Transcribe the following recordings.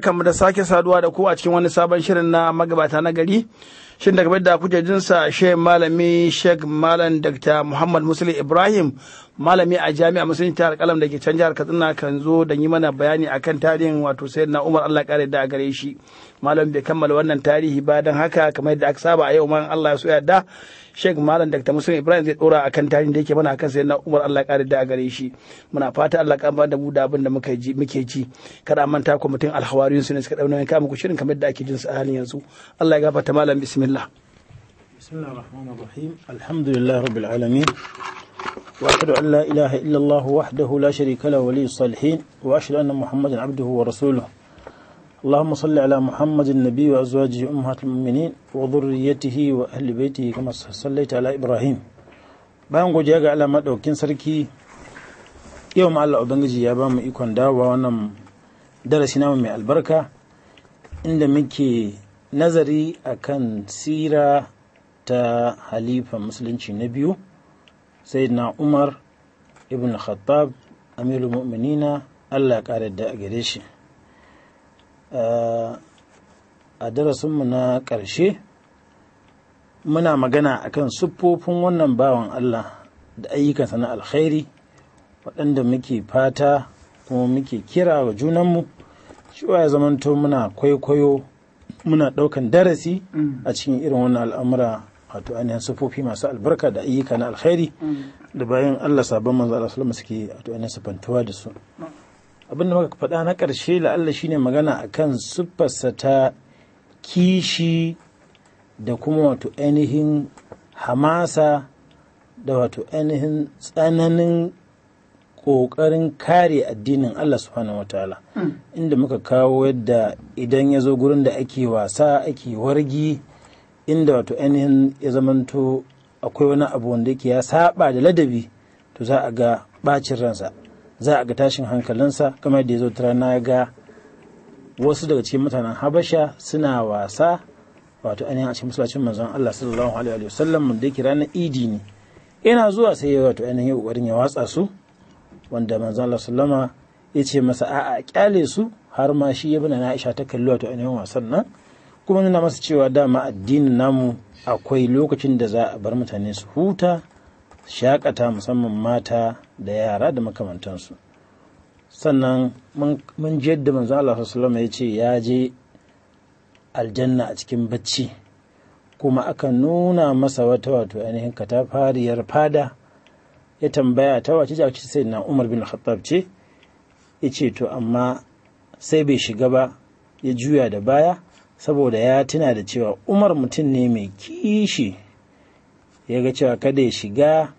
kamar da sake saduwa da ku a cikin wani sabon shirin na magabata na gari shin daga da kuke jinsa shehu malami shek malam dr muhammad musli ibrahim malami a jami'a musulunci ta alƙalam da ke can jihar katsina kan zo da yi mana bayani akan tarihin wato na umar allah kare da a gare shi malam bai kammala wannan tarihi ba don haka kamar yadda aka saba a yau ma allah ya so yarda sheikh malam dr musulun ibrahim zai dora akan tarihin da yake mana akan na umar allah kare da a gare shi muna fata allah ka da mu da abin da muke ji kada manta mutum alhawariyun su ne suka dauna kama ku shirin kamar yadda ake jin su a halin yanzu allah ya gafarta malam bismillah bismillah rahman rahim alhamdulillah rabbil alamin وأشهد أن لا إله إلا الله وحده لا شريك له ولي الصالحين وأشهد أن محمد عبده ورسوله اللهم صل على محمد النبي وأزواجه أمهات المؤمنين وذريته وأهل بيته كما صليت على إبراهيم bayan godiya ga Allah maɗaukin sarki yau ma Allah Ubangiji ya ba mu ikon dawowa wannan darasi namu mai albarka inda muke nazari akan sira ta halifa musulunci na biyu sayyidina umar ibn khattab amirul mu'minina allah ƙara da a gare shi uh, a darasinmu na ƙarshe muna magana akan siffofin wannan bawan allah da ayyukansa na alkhairi waɗanda muke fata kuma muke kira wa junanmu cewa ya zamanto muna kwaikwayo muna ɗaukan darasi mm. a cikin irin wannan al'amura wato ainihin sufofi masu albarka da ayyuka na alkhairi da bayan Allah sabon manzo Allah sallama suke wato ainihin sufantuwa da su abinda muka faɗa na ƙarshe la Allah shine magana akan siffarsa ta kishi da kuma wato ainihin hamasa da wato ainihin tsananin ƙoƙarin kare addinin Allah subhanahu ta'ala hmm. inda muka kawo yadda idan ya zo gurin da ake wasa ake wargi inda wato ainihin ya zamanto akwai wani abu wanda yake ya saba da ladabi to za a ga bacin ransa za a ga tashin hankalinsa kamar da ya zo tara na ga wasu daga cikin mutanen habasha suna wasa wato ainihin a cikin masallacin manzon Allah sallallahu alaihi wa sallam da ranar idi ne yana zuwa sai ya wato ainihin kokarin ya watsa su wanda manzon Allah sallama ya ce masa a'a kyale su har ma shi ya bana na Aisha ta kalli wato ainihin wasan nan kuma nuna masu cewa dama addinin namu akwai lokacin da za a bar mutane su huta shakata musamman mata da yara da makamantansu sannan mun ji yadda manzo Allah sallallahu ya ce ya je aljanna a cikin bacci kuma aka nuna masa wata wato ainihin katafariyar fada ya tambaya ta wace ce sai na Umar bin Khattab ce yace to amma sai bai shiga ba ya juya da baya saboda ya tuna da cewa umar mutum ne mai kishi ya ga cewa kada ya shiga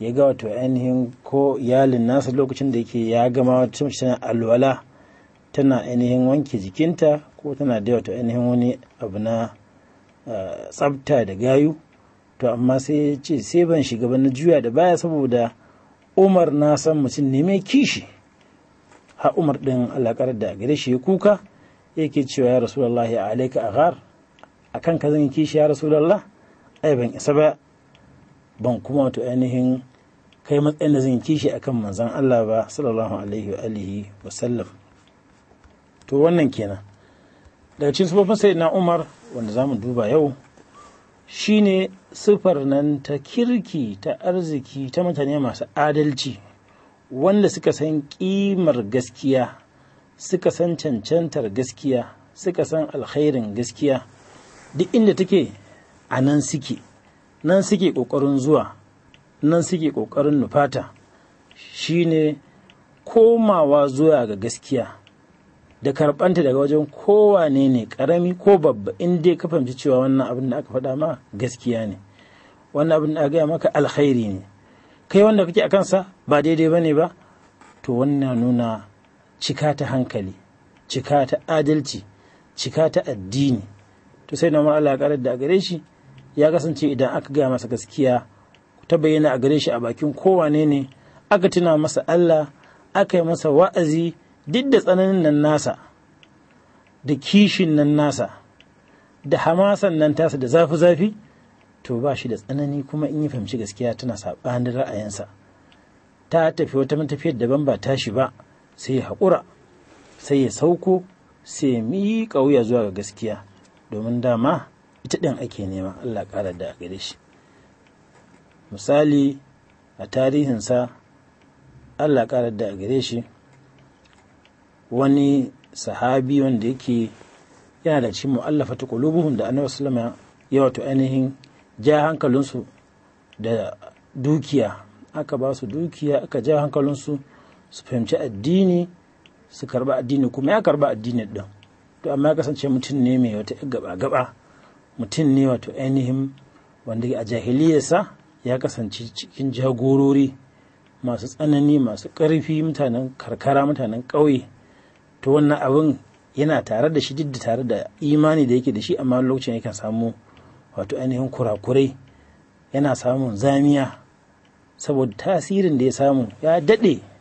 ya ga wato ainihin ko iyalin nasa lokacin da yake ya gama wata mace tana alwala tana ainihin wanke jikinta ko tana da wato ainihin wani abu na tsabta da gayu to amma sai ya ce sai ban shiga ba na juya da baya saboda umar na san mutum ne mai kishi ha umar din alakar da gare shi ya kuka yake cewa ya rasulallah ya alaika a a kan ka zan kishi ya rasulallah ai ban isa ba ban kuma wato ainihin kai matsayin da zan kishi a akan manzan Allah ba sallallahu alaihi wa alihi wa sallam to wannan kenan daga cikin sufofin na Umar wanda zamu duba yau shine sifar nan ta kirki ta arziki ta mutane masu adalci wanda suka san kimar gaskiya suka san cancantar gaskiya suka san alkhairin gaskiya duk inda take a nan suke nan suke ƙoƙarin zuwa nan suke ƙoƙarin nufata shine komawa zuwa ga gaskiya da karɓanta daga wajen kowane ne ƙarami ko babba in dai ka fahimci cewa wannan abin da aka faɗa ma gaskiya ne wannan abin da aka gaya maka alkhairi ne kai wanda kake a kansa ba daidai ba ne ba to wannan nuna cika ta hankali cika ta adalci cika ta addini to sai na Allah ya da a gare shi ya kasance idan aka gaya masa gaskiya ta bayyana a gare shi a bakin kowane ne aka tuna masa Allah aka yi masa wa'azi duk da tsananin nan nasa da kishin nan nasa da hamasan nan tasa da zafi-zafi to ba shi da tsanani kuma in yi fahimci gaskiya tana saɓanin ra'ayinsa ta tafi wata matafiyar daban ba tashi ba sai ya haƙura sai ya sauko sai ya miƙa wuya zuwa ga gaskiya domin dama ita ɗin ake nema Allah ƙara da gare shi misali a tarihinsa Allah ƙara da gare shi wani sahabi wanda yake yana da cikin mu'allafa ta ƙulubuhun da annabi sallama ya wato ainihin ja hankalinsu da dukiya aka ba su dukiya aka ja hankalinsu su fahimci addini su karba addini kuma ya karba addinin din to amma ya kasance mutum ne mai wata gaba gaba mutum ne wato ainihin wanda a jahiliyarsa ya kasance cikin jagorori masu tsanani masu ƙarfi mutanen karkara mutanen ƙauye to wannan abin yana tare da shi duk da tare da imani da yake da shi amma lokacin yakan samu wato ainihin kurakurai yana samun zamiya saboda tasirin da ya samu ya daɗe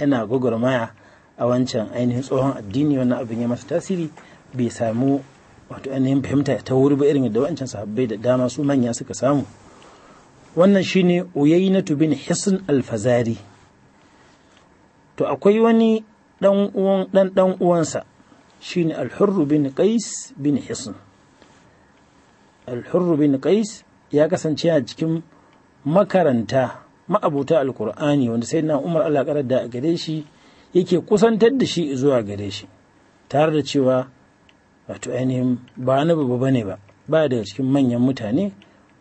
yana gwagwarmaya a wancan ainihin tsohon addini wannan abin ya masa tasiri bai samu wato ainihin fahimta ta wuri ba irin da wancan sahabbai da dama su manya suka samu wannan shine uyainatu bin hisn alfazari to akwai wani dan uwan dan dan uwansa shine alhurr bin qais bin hisn alhurr bin qais ya kasance a cikin makaranta ma'abuta alkur'ani wanda sai na umar allah karar da a gare shi yake kusantar da shi zuwa gare shi tare da cewa wato ainihin ba na babba ba ne ba ba daga cikin manyan mutane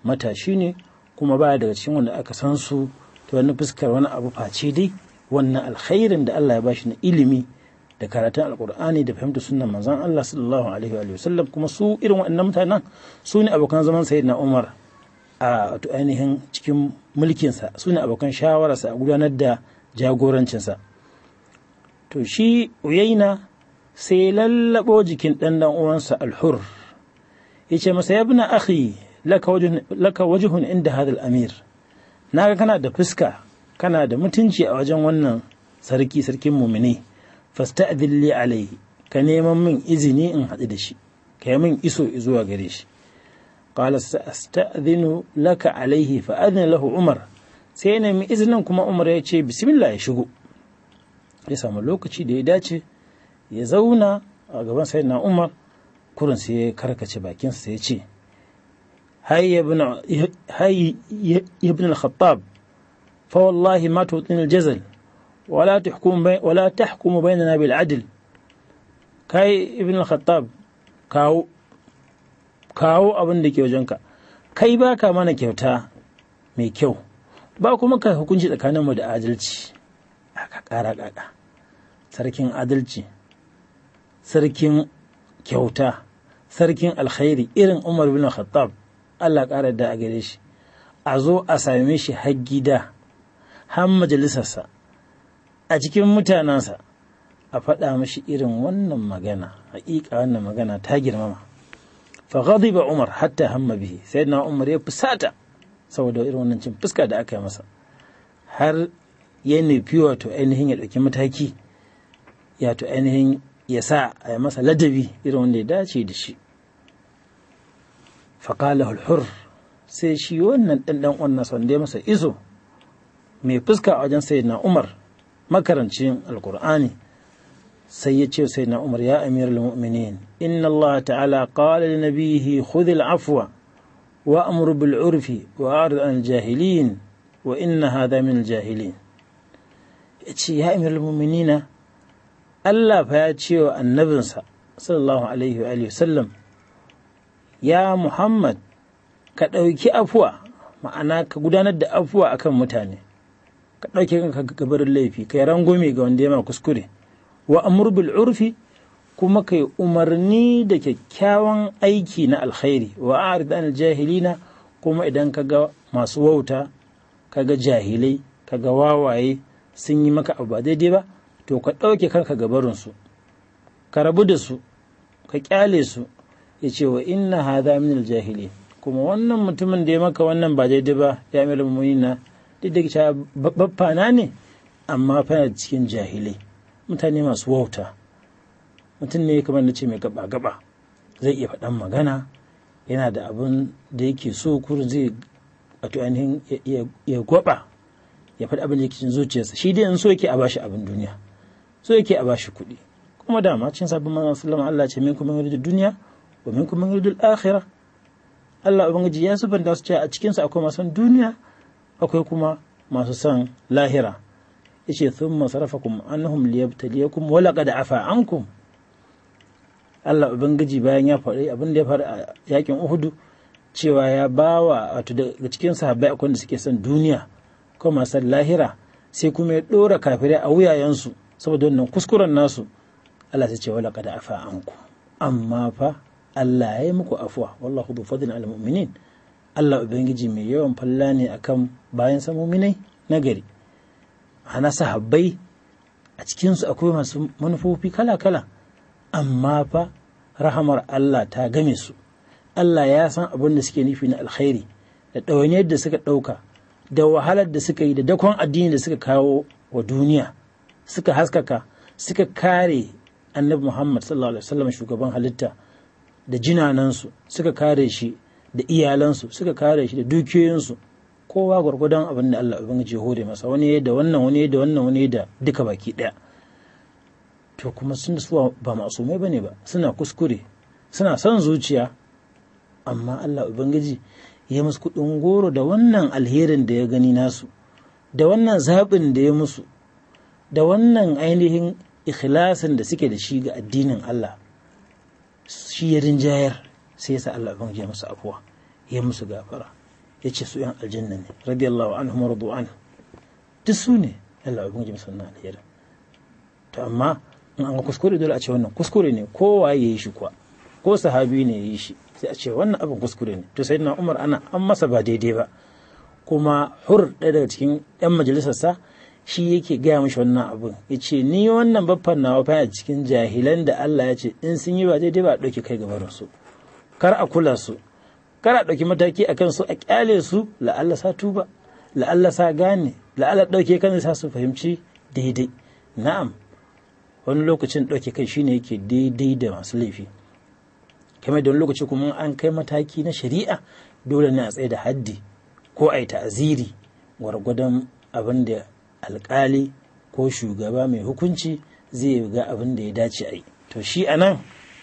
matashi ne kuma ba daga cikin wanda aka san su ta wani fuskar wani abu face dai wannan alkhairin da allah ya bashi na ilimi da karatun alkur'ani da fahimtar sunan manzon allah sallallahu alaihi wa sallam kuma su irin waɗannan mutanen su ne abokan zaman sayyidina umar a ainihin cikin mulkinsa su ne abokan shawararsa a gudanar da jagorancinsa to shi uyaina sai lallabo jikin ɗan ɗan uwansa alhur ya ce masa ya bina akhi laka wajihun inda hadal amir na ga kana da fuska kana da mutunci a wajen wannan sarki sarkin mumini fasta adilli alai ka neman min izini in haɗu da shi ka yi min iso zuwa gare shi qala sa'asta'dhinu laka alaihi fa adhina lahu umar sai ya nemi izinin kuma umar ya ce bismillah ya shigo ya samu lokaci da ya dace ya zauna a gaban sayyidina umar kurun sai ya karkace bakinsa sai ya ce هاي يا ابن الخطاب فوالله ما توطن الجزل ولا تحكم بي ولا تحكم بيننا بالعدل كاي ابن الخطاب كاو kawo abin da ke wajenka kai ba ka mana kyauta mai kyau ba kuma ka hukunci tsakaninmu da adalci aka ƙara ƙaƙa sarkin adalci sarkin kyauta sarkin alkhairi irin umar bin khattab allah ƙara da a gare shi a zo a same shi har gida har majalisarsa a cikin mutanensa a faɗa mashi irin wannan magana haƙiƙa wannan magana ta girmama fa umar hatta hamma bihi na umar ya fusata saboda irin wannan cin fuska da aka yi masa har ya nufi wato ainihin ya ɗauki mataki ya to ainihin ya sa a yi masa ladabi irin wanda ya dace da shi faƙala hulhur sai shi wannan ɗanɗan wannan sanda ya masa iso mai fuska a wajen sayyidina umar makarancin alkur'ani sai ya ce sai na umar ya amir mu'minin inna Allah ta'ala qala li nabihi khudh al-afwa wa amru bil urfi wa ard an jahilin wa inna hadha min jahilin yace ya amir mu'minina Allah fa ya ce wa annabinsa sallallahu alaihi wa sallam ya Muhammad ka ɗauki afwa ma'ana ka gudanar da afuwa akan mutane ka dauke ka gabarin laifi ka yi rangume ga wanda ya ma kuskure wa amur bil urfi kuma kai umarni da kyakkyawan aiki na alkhairi wa arid anil jahilina kuma idan kaga masu wauta kaga jahilai ka ga wawaye sun yi maka abu ba daidai ba to ka ɗauke kanka gabarin barinsu ka rabu da su ka kyale su ya ce wa inna hadha min jahili kuma wannan mutumin da ya maka wannan ba daidai ba ya amir mu'minina duk da cewa baffana ne amma fa cikin jahilai mutane masu wauta mutum ne kamar na ce mai gaba-gaba zai iya faɗan magana yana da abin da yake so kurin zai a ainihin ya gwaba ya faɗi abin da yake cin zuciyarsa shi dai in so yake a bashi abin duniya so yake a bashi kuɗi kuma dama cin sabbin manzon sallama Allah ce min kuma da duniya wa min kuma da akhirah Allah ubangiji ya sufanta su ce a cikin sa akwai masu duniya akwai kuma masu son lahira yace thumma sarafakum annahum liyabtaliyakum wa laqad afa ankum Allah ubangiji bayan ya faɗi abin da ya faru a yakin uhudu cewa ya bawa wato da cikin sahabbai akwai da suke son duniya ko masu lahira sai kuma ya ɗora kafirai a wuyayensu saboda wannan kuskuren nasu Allah sai ce wa laqad afa ankum amma fa Allah ya yi muku afuwa wallahu bi fadlin al mu'minin Allah ubangiji mai yawan falla ne akan bayan sa mu'minai nagari ana sahabbai a cikinsu akwai masu manufofi kala-kala amma fa rahamar Allah ta game su Allah ya san abin da suke nufi na alkhairi da ɗawainiyar da suka ɗauka da wahalar da suka yi da dakon addini da suka kawo wa duniya suka haskaka suka kare annabi Muhammad sallallahu alaihi wasallam shugaban halitta da jinanansu suka kare shi da iyalansu suka kare shi da dukiyoyinsu kowa gwargwadon abin da Allah ubangiji ya hore masa wani da wannan wani da wannan wani da duka baki ɗaya to kuma sun suwa ba masumai bane ba suna kuskure suna son zuciya amma Allah ubangiji ya musu kudin goro da wannan alherin da ya gani nasu da wannan zaɓin da ya musu da wannan ainihin ikhlasin da suke da shi ga addinin Allah shi ya rinjayar sai ya sa Allah ubangiji ya musu afuwa ya musu gafara ya ce su yan aljanna ne radiyallahu anhu radu an duk su ne Allah ya gunji musulman alheri to amma in an kuskure dole a ce wannan kuskure ne kowa ya yi shi kuwa ko sahabi ne ya yi shi sai a ce wannan abin kuskure ne to sayyidina Umar ana an masa ba daidai ba kuma hur ɗaya daga cikin yan majalisarsa shi yake gaya mashi wannan abin ya ce ni wannan baffan nawa fa cikin jahilan da Allah ya ce in sun yi ba daidai ba a ɗauki kai gabarinsu kar a kula su kana ɗauki mataki a kansu a ƙyale su la'alla sa tuba la'alla sa gane la'alla ɗauke kan sa su fahimci daidai na'am wani lokacin ɗauke kai shine yake daidai da masu laifi kamar da wani lokaci kuma an kai mataki na shari'a dole ne a tsaye da haddi ko a yi ta'aziri gwargwadon abin da alƙali ko shugaba mai hukunci zai ga abin da ya dace a yi to shi anan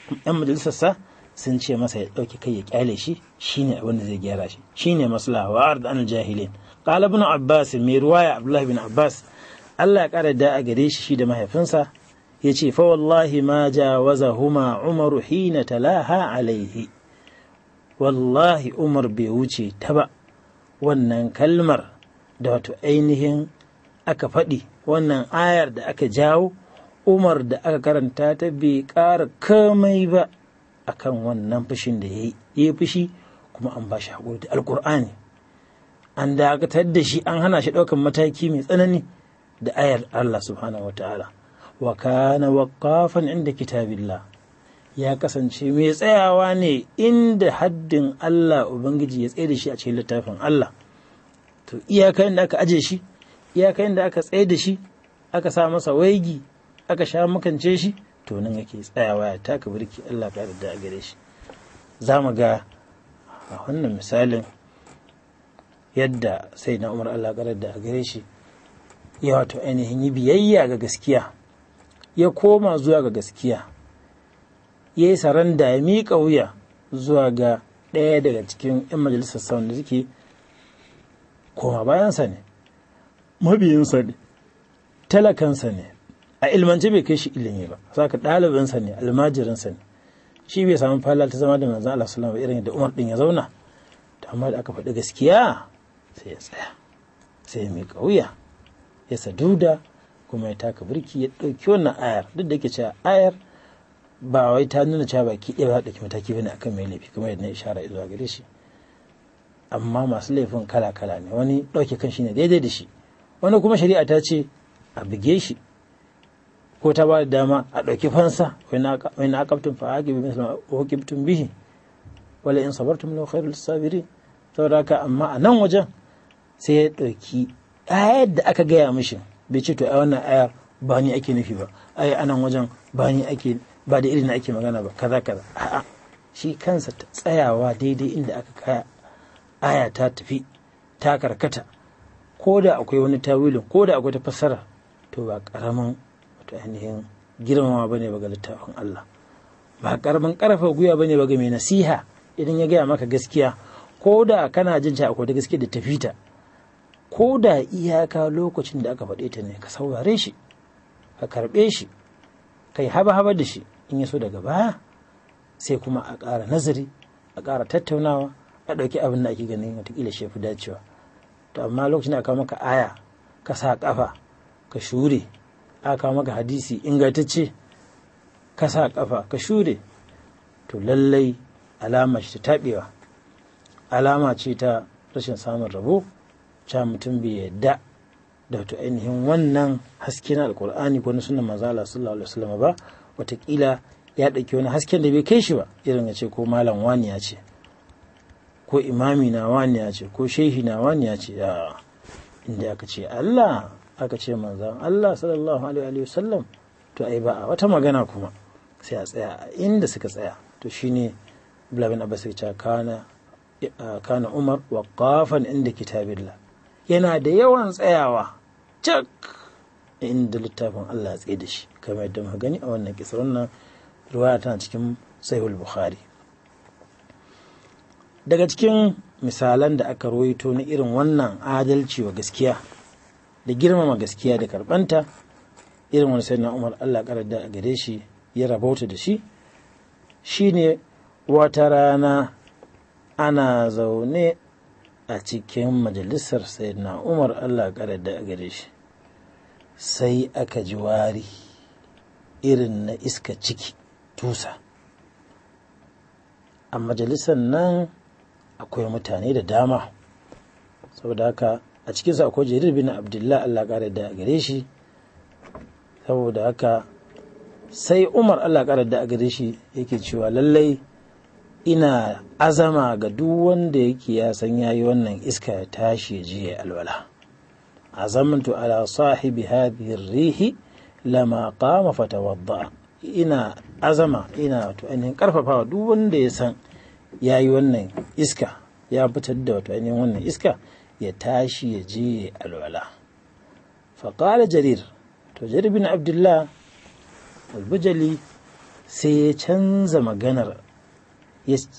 yan 'yan majalisarsa sun ce masa ya ɗauki kai ya ƙyale shi shine abin da zai gyara shi shine maslaha wa arda an jahilin qala ibn abbas mai ruwaya abdullah bin abbas Allah ya kara da a gare shi shi da mahaifinsa ya ce fa wallahi ma huma umar hina talaha alaihi wallahi umar bai wuce ta ba wannan kalmar da wato ainihin aka faɗi wannan ayar da aka jawo umar da aka karanta ta bai ƙara kamai ba akan wannan fushin da ya yi fushi kuma an ba shi haƙuri da alƙur'ani an dakatar da shi an hana shi ɗaukan mataki mai tsanani da ayar Allah subhanahu wa ta'ala wa kana waqafan inda kitabillah ya kasance mai tsayawa ne inda haddin Allah ubangiji ya tsaye da shi a cikin littafin Allah to iyaka da aka aje shi iyaka da aka tsaye da shi aka sa masa waigi aka sha makance shi to nan yake tsayawa ya taka birki Allah ka yarda a gare shi za mu ga a wannan misalin yadda sai na umar Allah ka da a gare shi ya wato ainihin yi biyayya ga gaskiya ya koma zuwa ga gaskiya ya yi da ya miƙa wuya zuwa ga ɗaya daga cikin 'yan majalisar sauran da suke koma bayansa ne mabiyinsa ne talakansa ne a ilmance bai kai shi ilimi ba saka ɗalibinsa ne almajirinsa ne shi bai samu fala ta zama da manzan Allah sallallahu alaihi irin da Umar din ya zauna to amma da aka faɗi gaskiya sai ya tsaya sai ya miƙa wuya ya saduda kuma ya taka birki ya ɗauki wannan ayar duk da yake cewa ayar ba wai ta nuna cewa baki ɗaya ba ɗauki mataki bane akan mai laifi kuma yadda na ishara zuwa gare shi amma masu laifin kala kala ne wani ɗauke kan shi ne daidai da shi wani kuma shari'a ta ce a buge shi ko ta ba da dama a ɗauki fansa wani na akabtun fa'aƙi bi misali hukimtun bihi wala in sabartum lahu khairul sabiri saboda haka amma a nan wajen sai ya ɗauki ayar da aka gaya mishi bai ce to a wannan ayar ba ni ake nufi ba ai a nan wajen ba ni ake ba da irin ake magana ba kaza kaza a'a shi kansa ta tsayawa daidai inda aka kaya aya ta tafi ta karkata ko da akwai wani tawilin ko da akwai ta fassara to ba karamin wato ainihin girmama ba ne ga littafin Allah ba karamin karfa guya ba ne ga mai nasiha idan ya gaya maka gaskiya ko da kana jin ta akwai gaskiya da tafi ta ko da iyaka lokacin da aka faɗe ta ne ka saurare shi ka karɓe shi kai haba haba da shi in ya so daga baya sai kuma a ƙara nazari a ƙara tattaunawa a ɗauki abin da ake ganin ta shi fi dacewa to amma lokacin da aka maka aya ka sa ƙafa ka shure aka maka hadisi ingantacce ka sa kafa ka shure to lallai alama ce ta taɓewa alama ce ta rashin samun rabo ca mutum bai yadda da to ainihin wannan haske na alkur'ani ko na sunan maza sallallahu alaihi ba watakila ya ɗauki wani hasken da bai kai shi ba irin ya ce ko malam wani ya ce ko imami na wani ya ce ko shehi na wani ya ce inda aka ce Allah aka ce manzan Allah sallallahu alaihi wasallam to ai ba a wata magana kuma sai a tsaya inda suka tsaya to shine Bilabin Abbas ya ce kana eh, kana Umar wa kafan inda kitabillah yana da yawan tsayawa cak inda littafin Allah ya tsaye da shi kamar yadda muka gani a wannan kisar wannan riwaya tana cikin Sahihul Bukhari daga cikin misalan da aka ruwaito na irin wannan adalci wa gaskiya da girmama gaskiya da karbanta irin wani sayyidina umar allah karada a gare shi ya rabauta da shi shi shine wata rana ana zaune a cikin majalisar sayyidina umar allah karada a gare shi sai aka ji wari irin na iska ciki tusa a majalisar nan akwai mutane da dama saboda haka a cikin sa akwai jarir bin abdullah Allah kare da gare shi saboda haka sai umar Allah kare da gare shi yake cewa lallai ina azama ga duk wanda yake ya san yayi wannan iska ya tashi ya je alwala azamantu ala sahibi hadhihi rihi lama qama fatawadda ina azama ina wato ainihin karfafawa duk wanda ya san yayi wannan iska ya fitar da wato ainihin wannan iska ya tashi ya je alwala faƙala jarir to jarir bin abdullah albujali sai ya canza maganar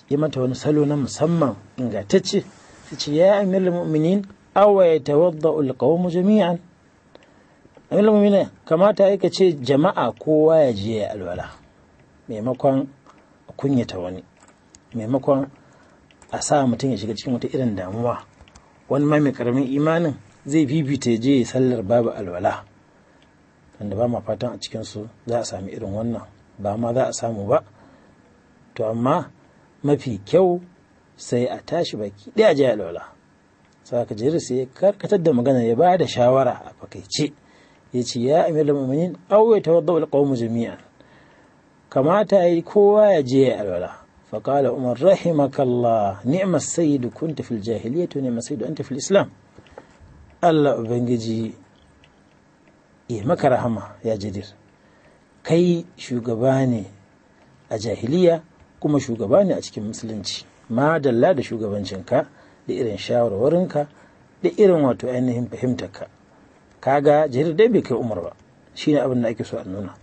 ya mata wani salo na musamman ingantacce su ce ya amir mu'minin awa ya tawadda mu jami'an amir mu'minin kamata ya ce jama'a kowa ya je ya alwala maimakon kunyata wani maimakon a sa mutum ya shiga cikin wata irin damuwa wani ma mai karamin imanin zai bibita ya je ya sallar babu alwala wanda ba ma fatan a cikinsu za a sami irin wannan ba ma za a samu ba to amma mafi kyau sai a tashi baki ɗaya je alwala sai ka jira sai ya karkatar da magana ya ba da shawara a fakaice ya ce ya amir da aw ya ta wadda wadda jami'an kamata yi kowa ya je ya alwala فقال عمر رحمك الله نعم السيد كنت في الجاهلية ونعم السيد أنت في الإسلام Allah Ubangiji ya maka rahama ya jarir kai shugaba ne a jahiliya kuma shugaba ne a cikin musulunci ma dalla da shugabancinka da irin shawarwarinka da irin wato ainihin fahimtarka ga jarir da bai kai umar ba Shi abin da ake so a nuna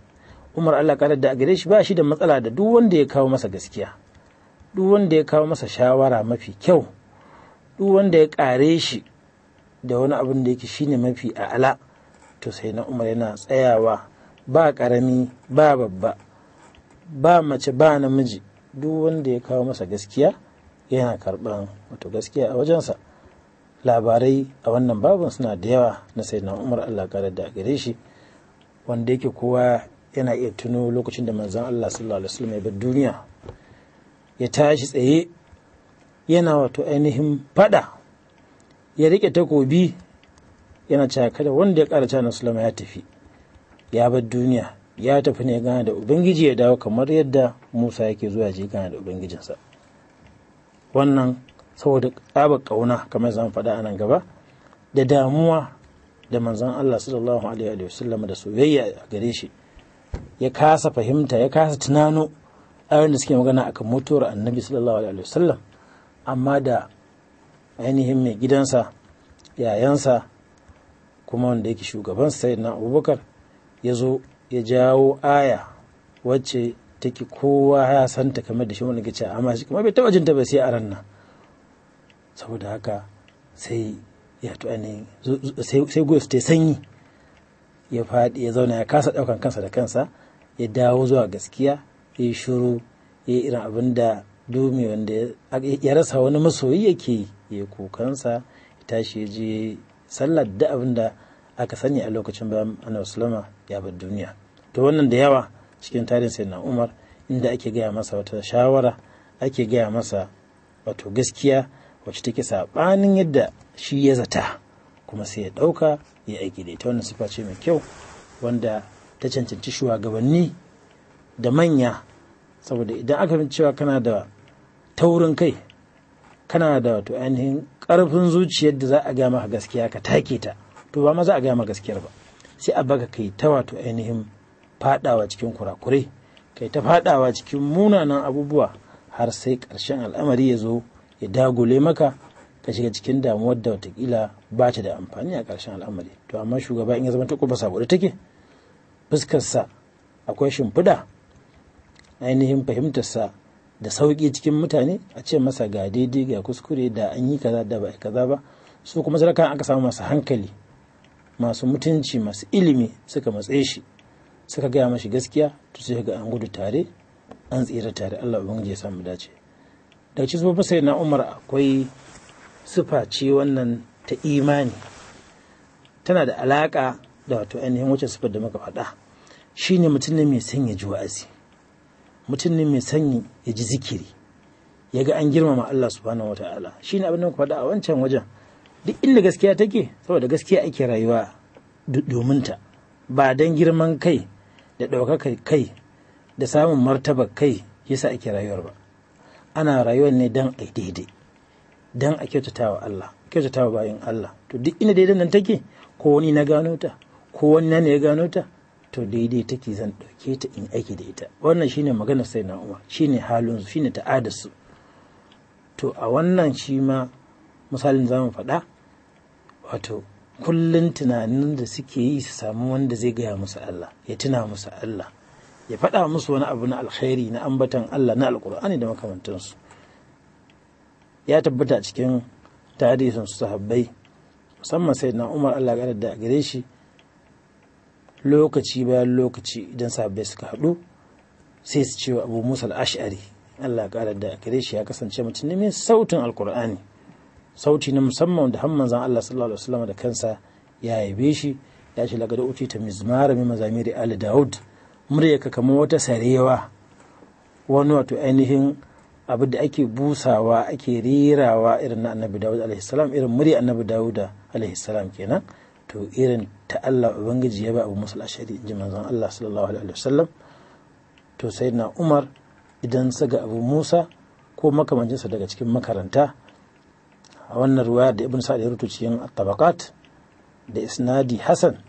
umar Allah kadar da a gare shi ba da matsala da duk wanda ya kawo masa gaskiya duk wanda ya kawo masa shawara mafi kyau duk wanda ya kare shi da wani abin da yake shine mafi a'ala to sai na umar yana tsayawa ba karami ba babba ba mace ba namiji duk wanda ya kawo masa gaskiya yana karban wato gaskiya a wajensa labarai a wannan babin suna da yawa na sai na umar allah kare da gare shi wanda yake kowa yana iya tuno lokacin da manzan allah sallallahu alaihi wasallam ya bar duniya ya tashi tsaye yana wato ainihin fada ya rike takobi yana cakada. wanda ya ƙara na sulama ya tafi ya bar duniya ya tafi ne gana da ubangiji ya dawo kamar yadda musa yake zuwa je gana da ubangijinsa wannan saboda ƙaba ƙauna kamar zan faɗa a nan gaba da damuwa da manzon Allah sallallahu alaihi wa sallam da soyayya a gare shi ya kasa fahimta ya kasa tunano ayoyin da suke magana a kan mutuwar annabi sallallahu alaihi wasallam amma da ainihin mai gidansa yayansa kuma wanda yake shugaban na abubakar ya zo ya jawo aya wacce take kowa ya santa kamar da shi wani gice amma shi kuma bai taba jinta ba sai a ran nan saboda haka sai ya to ainihin sai goyo su sanyi ya faɗi ya zauna ya kasa ɗaukan kansa da kansa ya dawo zuwa gaskiya ya shuru ya irin abin da dumi wanda ya rasa wani masoyi yake ya kukansa ya tashi ya je sallar da abin da aka sani a lokacin bayan ana ya bar duniya to wannan da yawa cikin tarin sai na umar inda ake gaya masa wata shawara ake gaya masa wato gaskiya wacce take saɓanin yadda shi ya zata kuma sai ya ɗauka ya aiki da ita wannan sifa ce mai kyau wanda ta cancanci shugabanni da manya saboda idan aka fi cewa kana da taurin kai kana da wato ainihin ƙarfin zuciyar da za a gaya maka gaskiya ka take ta to ba ma za a gaya maka gaskiyar ba sai a baka kai ta wato ainihin fadawa cikin kurakurai kai ta fadawa cikin munanan abubuwa har sai ƙarshen al'amari ya zo ya dagule maka ka shiga cikin damuwar da watakila ba ta da amfani a ƙarshen al'amari to amma shugaba in ya zama ta kuma saboda take fuskarsa akwai shimfiɗa ainihin fahimtarsa da sauƙi cikin mutane a ce masa ga daidai ga kuskure da an yi kaza da ba kaza ba su kuma sarakan aka samu masu hankali masu mutunci masu ilimi suka matse shi suka gaya mashi gaskiya to sai ga an gudu tare an tsira tare Allah ubangiji ya samu dace daga cikin sufafin sai na Umar akwai sufa ce wannan ta imani tana da alaka da wato ainihin wacce sufar da muka faɗa shine mutum ne mai sanya juwa'azi mutum ne mai sanyi ya ji zikiri ya ga an girmama Allah subhanahu wata'ala shi ne abin da faɗa a wancan wajen duk inda gaskiya take saboda gaskiya ake rayuwa domin ta ba don girman kai da ɗaukaka kai da samun martaba kai yasa ake rayuwar ba ana rayuwar ne don a daidai don a kyautata wa Allah kyautata wa bayan Allah to duk inda daidai nan take ko wani na gano ta ko wani na ne ya gano ta to daidai take zan ɗauke ta in aiki da ita wannan shine maganar sai na umar shine halin su shine ta'adarsu to a wannan shi ma misalin zamu faɗa wato kullun tunanin da suke yi su samu wanda zai gaya musu Allah ya tuna musu Allah ya faɗa musu wani abu na alkhairi na ambatan Allah na alkur'ani da makamantansu ya tabbata cikin tarihin sahabbai musamman sai na umar Allah ya da gare shi lokaci bayan lokaci idan sabbai suka haɗu sai su cewa abu musa ash'ari allah ƙara da gare shi ya kasance mutum ne mai sautin alkur'ani sauti na musamman da hammanzan allah sallallahu alaihi wasallam da kansa ya yabe shi ya ce lagada uti ta mizmara mai mazamiri ali daud muryarka kamar wata sarewa wani wato ainihin abu da ake busawa ake rerawa irin na annabi daud alaihi salam irin murya annabi dawud alaihi salam kenan wato irin ta Allah ubangiji ya ba abu musul ashari ji manzon Allah sallallahu alaihi wasallam to sai na Umar idan saga abu Musa ko makamancinsa daga cikin makaranta a wannan ruwaya da ibn sa'ad ya rutu cikin at da isnadi hassan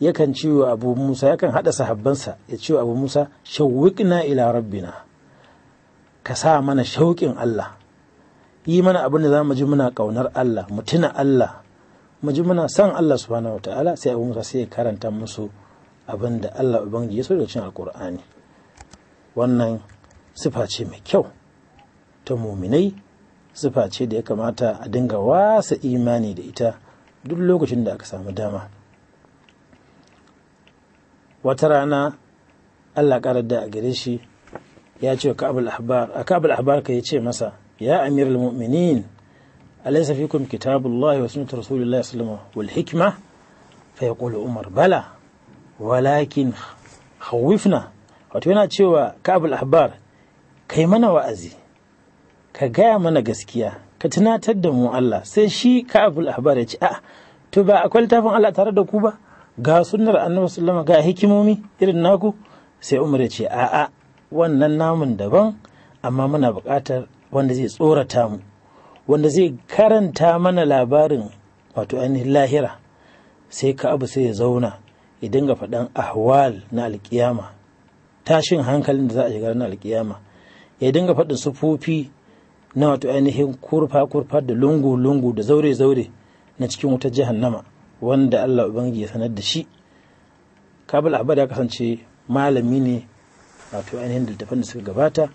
yakan ciwo abu musa yakan hada sahabbansa ya ciwo abu musa shawwiqna ila rabbina ka sa mana shauƙin Allah yi mana abin da za mu ji muna ƙaunar Allah mu tuna Allah mu ji muna son Allah subhanahu wataala sai musa sai ya karanta musu abin da Allah ubangiji ya so da cin alkur'ani wannan sifa ce mai kyau ta muminai sifa ce da ya kamata a dinga wasa imani da ita duk lokacin da aka samu dama wata rana Allah karar da a gare shi ya ce wa ka'abul ahbar ka ya ce masa ya amirul mu'minin أليس فيكم كتاب الله وسنة رسول الله صلى الله عليه وسلم والحكمة فيقول عمر بلى ولكن خوفنا وتونا تشوى كعب الأحبار kai mana wa'azi ka gaya mana gaskiya ka tunatar da mu Allah sai shi ka abul ahbar ya ce a to ba akwai littafin Allah tare da ku ba ga sunnar annabi sallama ga hikimomi irin naku sai umar ya ce a'a wannan namun daban amma muna buƙatar wanda zai tsorata mu wanda zai karanta mana labarin wato ainihin lahira sai ka abu sai ya zauna ya dinga faɗan ahwal na alkiyama tashin hankalin da za a shiga na alkiyama ya dinga faɗin sufufi na wato ainihin kurfa-kurfa da lungu-lungu da zaure-zaure na cikin wutar jahannama wanda Allah Ubangiji ya sanar da shi kabul abada ya kasance malami ne wato ainihin littafan da suka gabata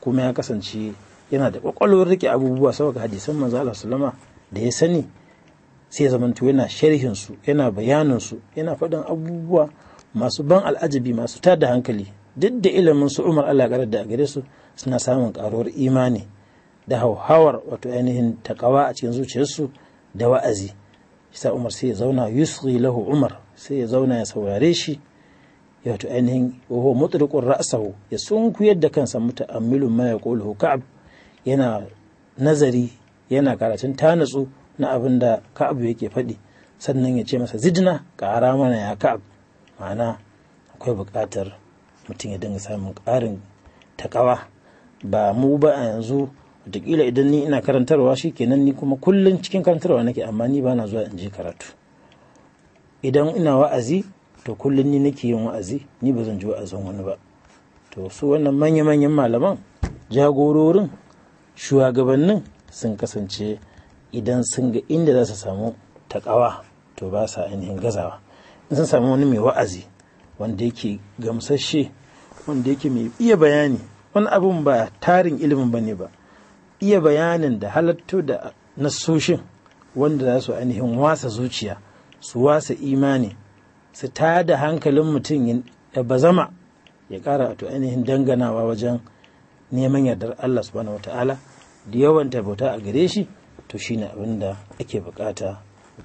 kuma ya kasance yana da kwakwalwar rike abubuwa saboda hadisan manzo Allah sallama da ya sani sai ya zamanto yana sharhin su yana bayanin su yana faɗin abubuwa masu ban al'ajabi masu tada hankali duk da ilimin su Umar Allah ya da gare su suna samun karuwar imani da hauhawar wato ainihin takawa a cikin zuciyarsu da wa'azi sai Umar sai ya zauna yusri lahu Umar sai ya zauna ya saurare shi ya wato ainihin wa mutriqur ra'sahu ya sunku yadda kansa muta'ammilun ma yaqulu ka'b yana nazari yana karatun ta natsu na abin da ka'ab yake faɗi sannan ya ce masa zidna ƙara mana ya ka'ab ma'ana akwai buƙatar mutum ya dinga samun ƙarin takawa ba mu ba a yanzu wataƙila idan ni ina karantarwa shi kenan ni kuma kullum cikin karantarwa nake amma ni ba na zuwa in je karatu idan ina wa'azi to kullum ni nake yin wa'azi ni ba zan ji wa'azin wani ba to su wannan manya-manyan malaman jagororin shugabannin sun kasance idan sun ga inda za su samu takawa to ba sa ainihin gazawa in sun samu wani mai wa'azi wanda yake gamsashe wanda yake mai iya bayani wani abin ba tarin ilimin ba ne ba iya bayanin da halatto da nasoshin wanda za su ainihin wasa zuciya su wasa imani su tada hankalin mutum ya bazama ya kara to ainihin danganawa wajen neman yardar Allah subhanahu wataala da yawan bauta a gare shi to shine abin da ake bukata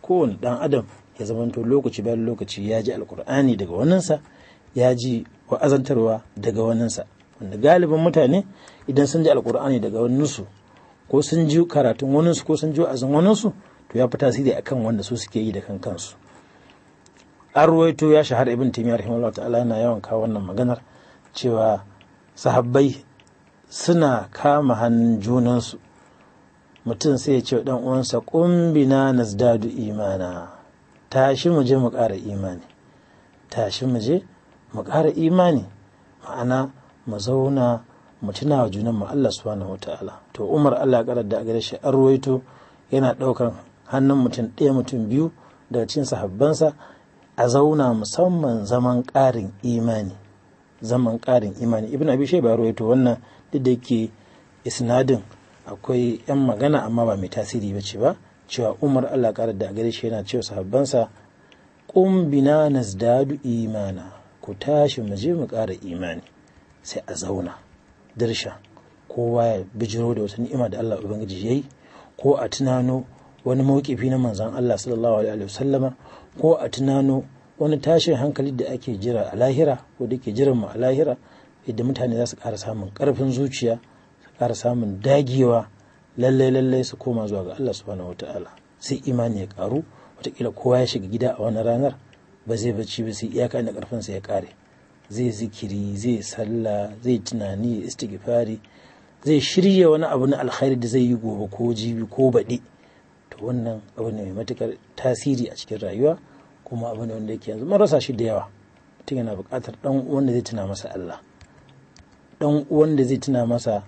kowane dan adam ya zamanto lokaci bayan lokaci ya ji alkur'ani daga waninsa ya ji wa'azantarwa daga waninsa wanda galibin mutane idan sun ji alkur'ani daga waninsu ko sun ji karatun waninsu ko sun ji wa'azin waninsu to ya fi tasiri akan wanda su suke yi da kan kansu an ruwaito ya shahar ibn timiyar rahimahullah ta'ala na yawan kawo wannan maganar cewa sahabbai suna kama hannun junansu mutum sai ya ce dan uwansa kumbina nazdadu imana tashi mu je mu ƙara imani tashi mu je mu ƙara imani ma'ana mu zauna mu tuna wa junan mu Allah subhanahu wataala to Umar Allah ya karar da a gare shi an ruwaito yana ɗaukan hannun mutum ɗaya mutum biyu daga cikin sahabbansa a zauna musamman zaman ƙarin imani zaman ƙarin imani ibn abi shayba ruwaito wannan duk da yake isnadin akwai 'yan magana amma ba mai tasiri ba ce ba cewa umar allah ƙara da gare shi yana cewa sahabbansa ƙun bina nasdadu imana ku tashi mu je mu ƙara imani sai a zauna dirsha kowa ya bijiro da wata ni'ima da allah ubangiji ya yi ko a tunano wani mawkifi na manzan allah sallallahu alaihi wasallama ko a tunano wani tashin hankali da ake jira a lahira ko da ke jiran mu a lahira idan mutane za su ƙara samun ƙarfin zuciya su ƙara samun dagewa lallai lallai su koma zuwa ga Allah subhanahu wataala sai imani ya ƙaru watakila kowa ya shiga gida a wani ranar ba zai bacci ba sai iyaka inda ƙarfinsa ya ƙare zai zikiri zai sallah zai tunani ya istighfari zai shirya wani abu na alkhairi da zai yi gobe ko jibi ko baɗi to wannan abu ne mai matuƙar tasiri a cikin rayuwa kuma abu ne wanda yake yanzu mun shi da yawa mutum yana buƙatar ɗan wanda zai tuna masa Allah dan uwan da zai tuna masa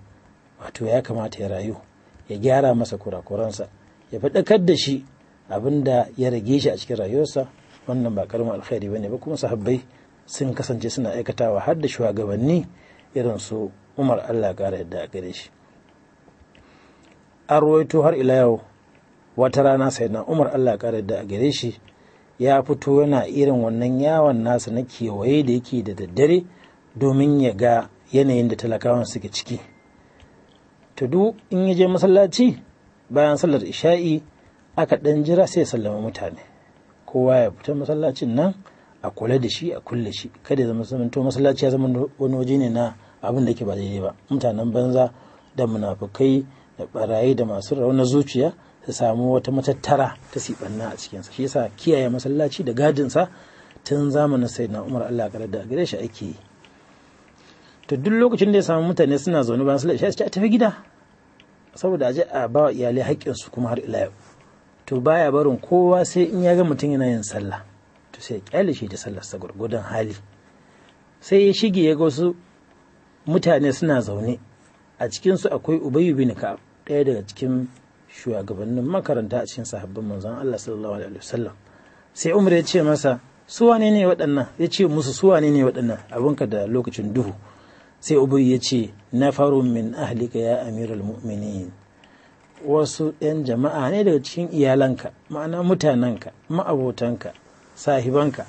wato ya kamata ya rayu ya gyara masa kurakuransa ya faɗakar da shi abinda ya rage shi a cikin rayuwarsa wannan ba karamin alkhairi bane ba kuma sahabbai sun kasance suna aikatawa har da shugabanni irin su Umar Allah ƙara yadda a gare shi an har ila yau wata rana sai na Umar Allah kara yadda a gare shi ya fito yana irin wannan yawon nasa na kewaye da yake da daddare domin ya ga yanayin da talakawan suke ciki to duk in ya je masallaci bayan sallar isha'i aka ɗan jira sai sallama mutane kowa ya fita masallacin nan a kula da shi a kulle shi kada ya zama to masallaci ya zama wani waje ne na abin da ke ba daidai ba mutanen banza da munafukai da barayi da masu raunar zuciya su samu wata matattara ta siɓanna a cikinsa shi yasa kiyaye masallaci da gadinsa tun zamanin sayyidina umar allah ya da gare shi ake yi to duk lokacin da ya samu mutane suna zaune bayan sallar isha sai a tafi gida saboda aje a ba iyali iyalai haƙƙin su kuma har ila yau to baya barin kowa sai in ya ga mutum yana yin sallah to sai ya kyale shi da sallar sa gurgudan hali sai ya shige ya ga wasu mutane suna zaune a cikin su akwai ubayyu bin ka'ab ɗaya daga cikin shugabannin makaranta a cikin sahabban manzon Allah sallallahu alaihi wasallam sai Umar ya ce masa su wane ne waɗannan ya ce musu su wane ne waɗannan abinka da lokacin duhu sai ubai ya ce na faru min ahlika ya amiral mu'minin wasu 'yan jama'a ne daga cikin iyalanka ma'ana mutanenka ma'abotanka sahibanka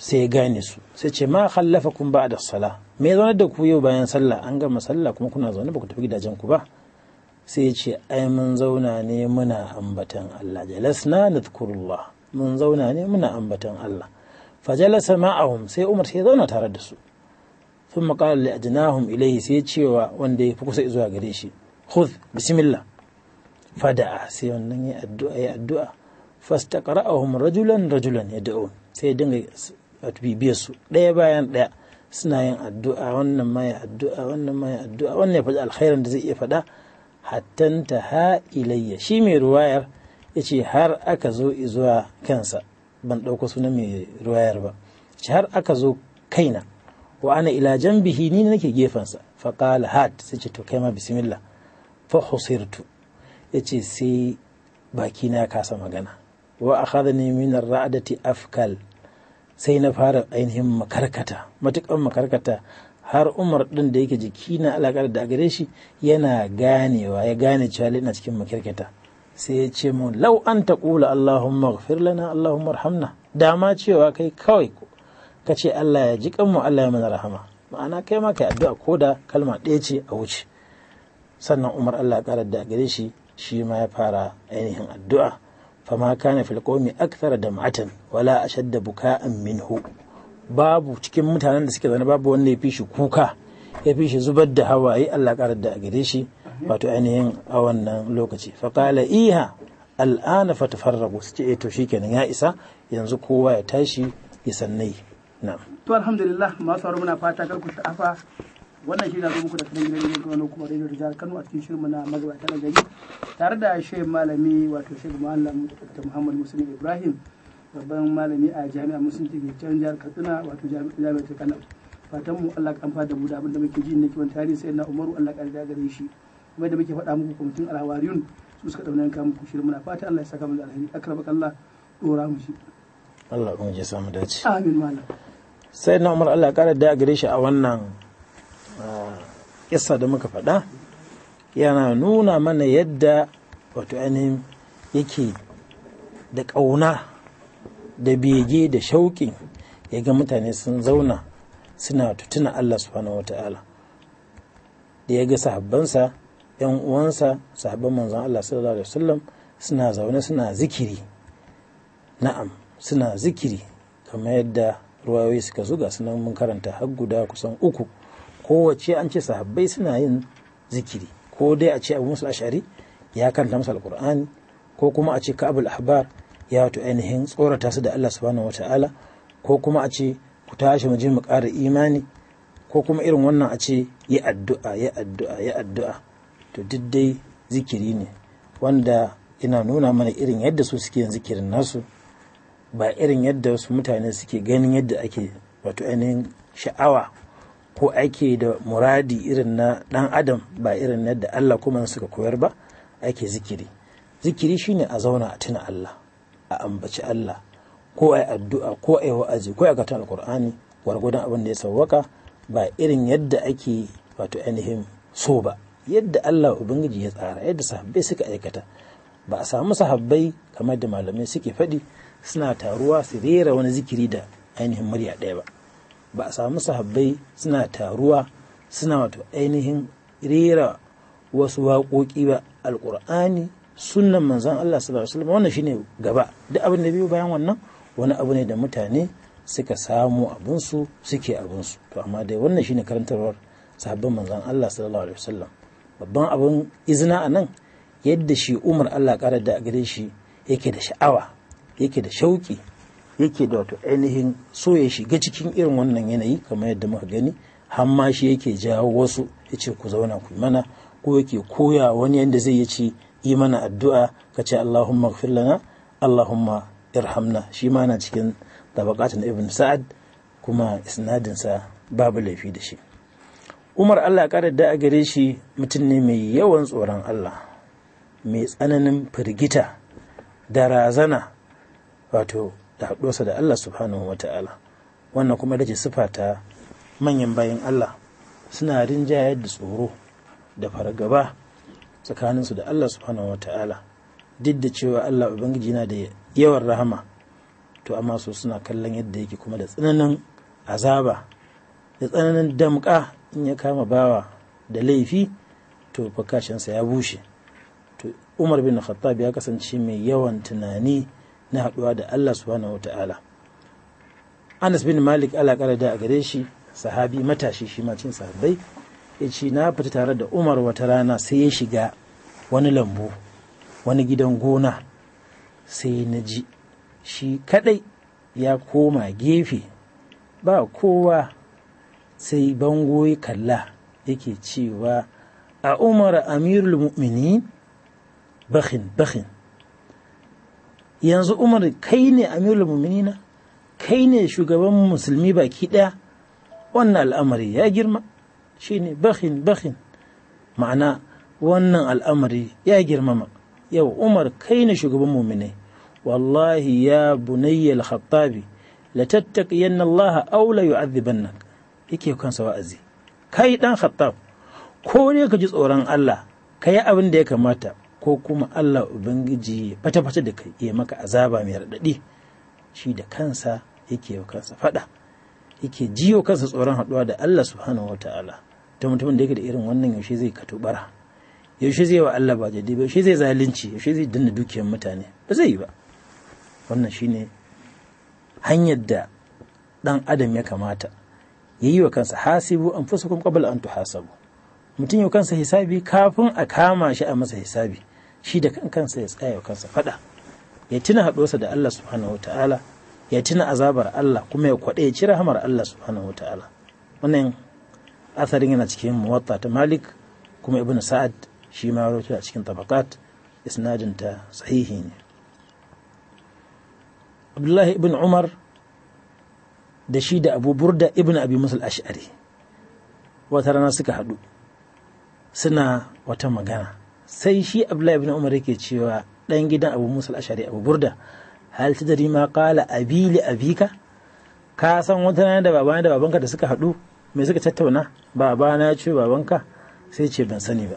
sai gane su sai ce ma hallafa kun ba da sala me ya zaunar da ku yau bayan sallah an gama sallah kuma kuna zaune ba ku tafi gidajen ku ba sai ya ce ai mun zauna ne muna ambatan Allah jalasna nadhkurullah mun zauna ne muna ambatan Allah fajalasa ma'ahum sai Umar sai zauna tare da su sun maƙalar da ajinahum ilaihi sai cewa wanda ya fi kusa zuwa gare shi khudh bismillah fada'a sai wannan ya addu'a ya addu'a fastaqra'ahum rajulan rajulan yad'un sai ya dinga bibiyar su ɗaya bayan ɗaya suna yin addu'a wannan ma ya addu'a wannan ma ya addu'a wannan ya faɗi alkhairin da zai iya faɗa hattanta ha ilayya shi mai ruwayar yace har aka zo zuwa kansa ban ɗauko sunan mai ruwayar ba ce har aka zo kaina wa ana ila janbihi ni nake gefensa fa qala hat sai ce to kai ma bismillah fa husirtu yace sai baki na kasa magana wa akhadhani min ar-ra'dati afkal sai na fara ainihin makarkata matukan makarkata har umar din da yake jiki na alakar da gare shi yana ganewa ya gane cewa ina cikin makarkata sai ya ce mu lau an taqula Allahumma ighfir lana Allahumma arhamna dama cewa kai kawai ka ce Allah ya ji kanmu Allah ya mana rahama ma'ana kai ma kai addu'a ko da kalma ɗaya ce a wuce sannan Umar Allah ya da gare shi shi ma ya fara ainihin addu'a ma kana fil qawmi akthara dam'atan wala ashadda buka'an minhu babu cikin mutanen da suke zana babu wanda ya fi shi kuka ya fi shi zubar da hawaye Allah ƙara da gare shi wato ainihin a wannan lokaci fa qala iha al'ana fatafarragu su ce eh, to shikenan ya isa yanzu kowa ya tashi ya sannai to alhamdulillah masu haro muna fata kar ku sha'afa wannan shi na zo muku da sanin gidan ne kuma kuma radio da jihar Kano a cikin shirin na magabata na gari tare da shehu malami wato shehu malam Dr. Muhammad Musa Ibrahim babban malami a jami'a musulunci ke can jihar katsina wato jami'a ta kano fatan mu allah kamfa da mu da abinda muke ji ne kiwon tarihi sai na umaru allah kan gare shi kuma da muke faɗa muku kwamitin alhawariyun su suka dauna yanka muku shirin muna fata allah ya saka mu da alheri akrabaka allah dora mu shi allah kuma ya samu dace amin malam sai na umar allah ƙara da gare shi a wannan kissa da muka faɗa yana nuna mana yadda wato ainihin yake da ƙauna da bege da shauƙi ya ga mutane sun zauna suna tutuna allah subhanahu wata'ala da ya ga sahabbansa yan uwansa sahabban manzon allah sallallahu alaihi wasallam suna zaune suna zikiri na'am suna zikiri kamar yadda ruwayoyi suka zuga ga sunan mun karanta har guda kusan uku kowace an ce sahabbai suna yin zikiri ko dai a ce abu musul ashari ya karanta musu alkur'ani ko kuma a ce ka'abul ahbar ya wato ainihin tsorata su da Allah subhanahu wataala ko kuma a ce ku tashi mu je mu ƙara imani ko kuma irin wannan a ce yi addu'a yi addu'a yi addu'a to duk dai zikiri ne wanda ina nuna mana irin yadda su suke yin zikirin nasu ba irin yadda wasu mutane suke ganin yadda ake wato ainihin sha'awa ko ake da muradi irin na ɗan adam ba irin yadda Allah kuma suka koyar ba ake zikiri zikiri shine a zauna a tuna Allah a ambaci Allah ko a addu'a ko a wa'azi ko a katon alkur'ani gwargwadon abin da ya sawwaka ba irin yadda ake wato ainihin so ba yadda Allah ubangiji ya tsara yadda sahabbai suka aikata ba a samu sahabbai kamar da malamai suke faɗi suna taruwa su rera wani zikiri da ainihin murya ɗaya ba ba a samu sahabbai suna taruwa suna wato ainihin rera wasu waƙoƙi ba alƙur'ani sunnan manzon Allah sallallahu alaihi wannan shine gaba duk abin da biyu bayan wannan wani abu ne da mutane suka samu abinsu suke abinsu to amma dai wannan shine karantarwar sahabban manzon Allah sallallahu alaihi wasallam babban abin izina a nan yadda shi umar Allah ƙara da gare shi yake da sha'awa yake da shauƙi yake da wato ainihin so ya shiga cikin irin wannan yanayi kamar yadda muka gani hamma shi yake jawo wasu ya ce ku zauna ku mana ko yake koya wani yanda zai yi ci yi mana addu'a ka ce Allahumma gfir lana Allahumma irhamna shi ma na cikin tabaqatin ibn sa'ad kuma isnadinsa babu laifi da shi Umar Allah ya da a gare shi mutum ne mai yawan tsoron Allah mai tsananin firgita da razana wato da haɗuwarsa da Allah subhanahu wa ta'ala wannan kuma da ke manyan bayan Allah suna rinjayar da tsoro da fargaba tsakaninsu da Allah subhanahu wa ta'ala duk da cewa Allah Ubangiji na da yawan rahama to amma su suna kallon yadda yake kuma da tsananin azaba da tsananin damƙa in ya kama bawa da laifi to fakashinsa ya bushe to Umar bin Khattab ya kasance mai yawan tunani na haɗuwa da Allah subhanahu wa ta'ala Anas bin Malik Allah ƙara da a gare shi sahabi matashi shi ma cin sahabbai ya ce na fita tare da Umar wata rana sai ya shiga wani lambu wani gidan gona sai na ji shi kadai ya koma gefe ba kowa sai bango ya kalla yake cewa a umar amirul mu'minin bakhin bakhin yanzu umar kai ne amirul muminina kai ne shugaban musulmi baki ɗaya wannan al'amari ya girma shi ne bakhin bakhin ma'ana wannan al'amari ya girmama yau umar kai ne shugaban muminai wallahi ya bunayya al-khattabi la tattaqiyanna Allah aw yu'adhibanna yake kansa wa'azi kai dan khattab ko ne ka ji tsoron Allah ka abin da ya kamata ko kuma Allah Ubangiji ya fata-fata da kai ya maka azaba mai raɗaɗi shi da kansa yake wa kansa faɗa yake jiyo kansa tsoron haɗuwa da Allah subhanahu wa ta'ala ta mutumin da yake da irin wannan yaushe zai ka tubara yaushe zai wa Allah ba jadi ba yaushe zai zalunci yaushe zai danna dukiyar mutane ba zai yi ba wannan shine hanyar da ɗan adam ya kamata ya yi wa kansa hasibu an fusa kuma an tuhasabu mutum ya kansa hisabi kafin a kama shi a masa hisabi shi da kansa ya tsaya kansa faɗa ya tuna haɗuwarsa da Allah subhanahu wa ta'ala ya tuna azabar Allah kuma ya kwaɗe ya ci rahamar Allah subhanahu wa ta'ala wannan asarin yana cikin muwatta ta Malik kuma Ibn Sa'ad shi ma rawaito a cikin tabaqat isnadin ta sahihi ne Abdullahi ibn Umar da shi da Abu Burda ibn Abi Musa ashari wata rana suka haɗu suna wata magana sai shi abdullahi ibn umar yake cewa dan gidan abu musa al-ashari abu burda hal tadri ma qala abi li abika ka san wata ne da babana da babanka da suka hadu me suka tattauna babana ya ce babanka sai ce ban sani ba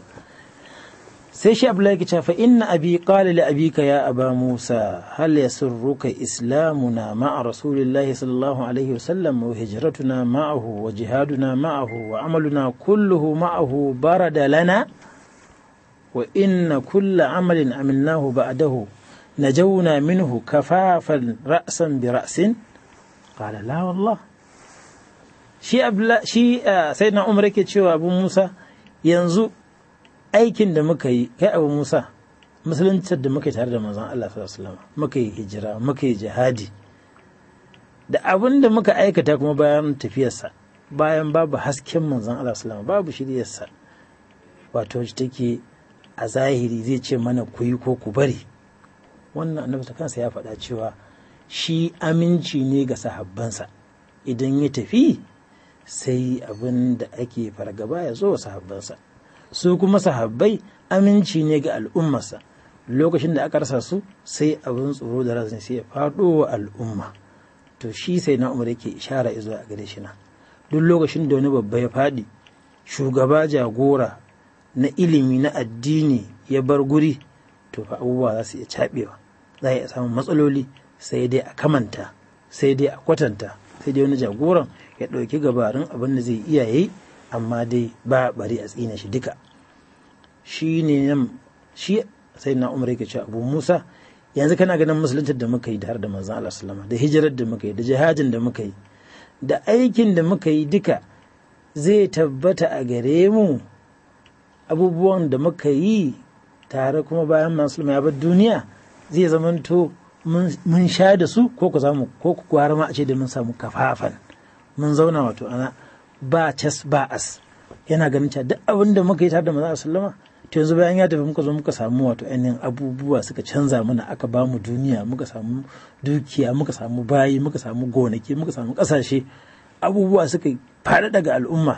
sai shi abu laiki fa inna abi qala li abika ya aba musa hal yasurruka islamuna ma'a rasulillahi sallallahu alaihi wasallam wa hijratuna ma'ahu wa jihaduna ma'ahu wa amaluna kulluhu ma'ahu barada lana wa inna kulla amalin amilnahu ba'dahu najauna minhu kafafan ra'san bi ra'sin qala la wallah shi shi eh, sayyidina umar yake cewa abu musa yanzu aikin da muka yi kai abu musa musuluncin da muka yi tare da manzon Allah sallallahu alaihi wasallam muka yi hijira muka yi jihadi da abin da muka aikata kuma bayan tafiyarsa bayan babu hasken manzon Allah sallallahu alaihi wasallam babu shiryarsa wato take a zahiri zai ce mana ku yi ko ku bari wannan annabi ta kansa ya faɗa cewa shi aminci ne ga sahabbansa idan ya tafi sai abin da ake fargaba ya zo wa sahabbansa su kuma sahabbai aminci ne ga al'ummarsa lokacin da aka rasa su sai abin tsoro da razin sai ya faɗo wa al'umma to shi sai na umar yake ishara izuwa a gare shi na duk lokacin da wani babba ya faɗi shugaba jagora na ilimi na addini ya bar guri to fa abubuwa za su iya caɓewa za a samu matsaloli sai dai a kamanta sai dai a kwatanta sai dai wani jagoran ya ɗauki gabarin abin da zai iya yi amma dai ba bari a tsina shi duka shi ne nan shi sai na umar yake ce abu musa yanzu kana ganin musuluntar da muka yi da har da manzan Allah da hijirar da muka yi da jihajin da muka yi da aikin da muka yi duka zai tabbata a gare mu abubuwan da muka yi tare kuma bayan masu ya bar duniya zai zamanto mun sha da su ko ku samu ko ku gwara ma a ce da mun samu kafafan mun zauna wato ana ba cas ba as yana ganin cewa duk abin da muka yi tare da manzo sallama to yanzu bayan ya tafi muka zo muka samu wato ainihin abubuwa suka canza mana aka ba mu duniya muka samu dukiya muka samu bayi muka samu gonaki muka samu kasashe abubuwa suka faɗaɗa ga al'umma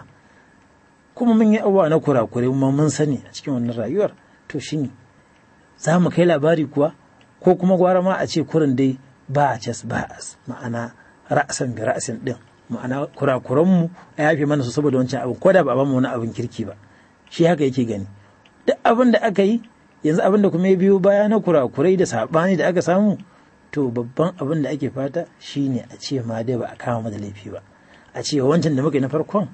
kuma mun yi abubuwa na kurakurai kuma mun sani a cikin wannan rayuwar to shi ne, za mu kai labari kuwa ko kuma gwara ma a ce kurin dai ba a cas ba ma'ana ra'asan bi ra'asin din ma'ana kurakuranmu a yafe mana su saboda wancan abin ko da ba a bamu wani abin kirki ba shi haka yake gani duk abin da aka yi yanzu abin da kuma ya biyo baya na kurakurai da saɓani da aka samu to babban abin da ake fata shine a ce ma dai ba a kama da laifi ba a ce wancan da muka yi na farkon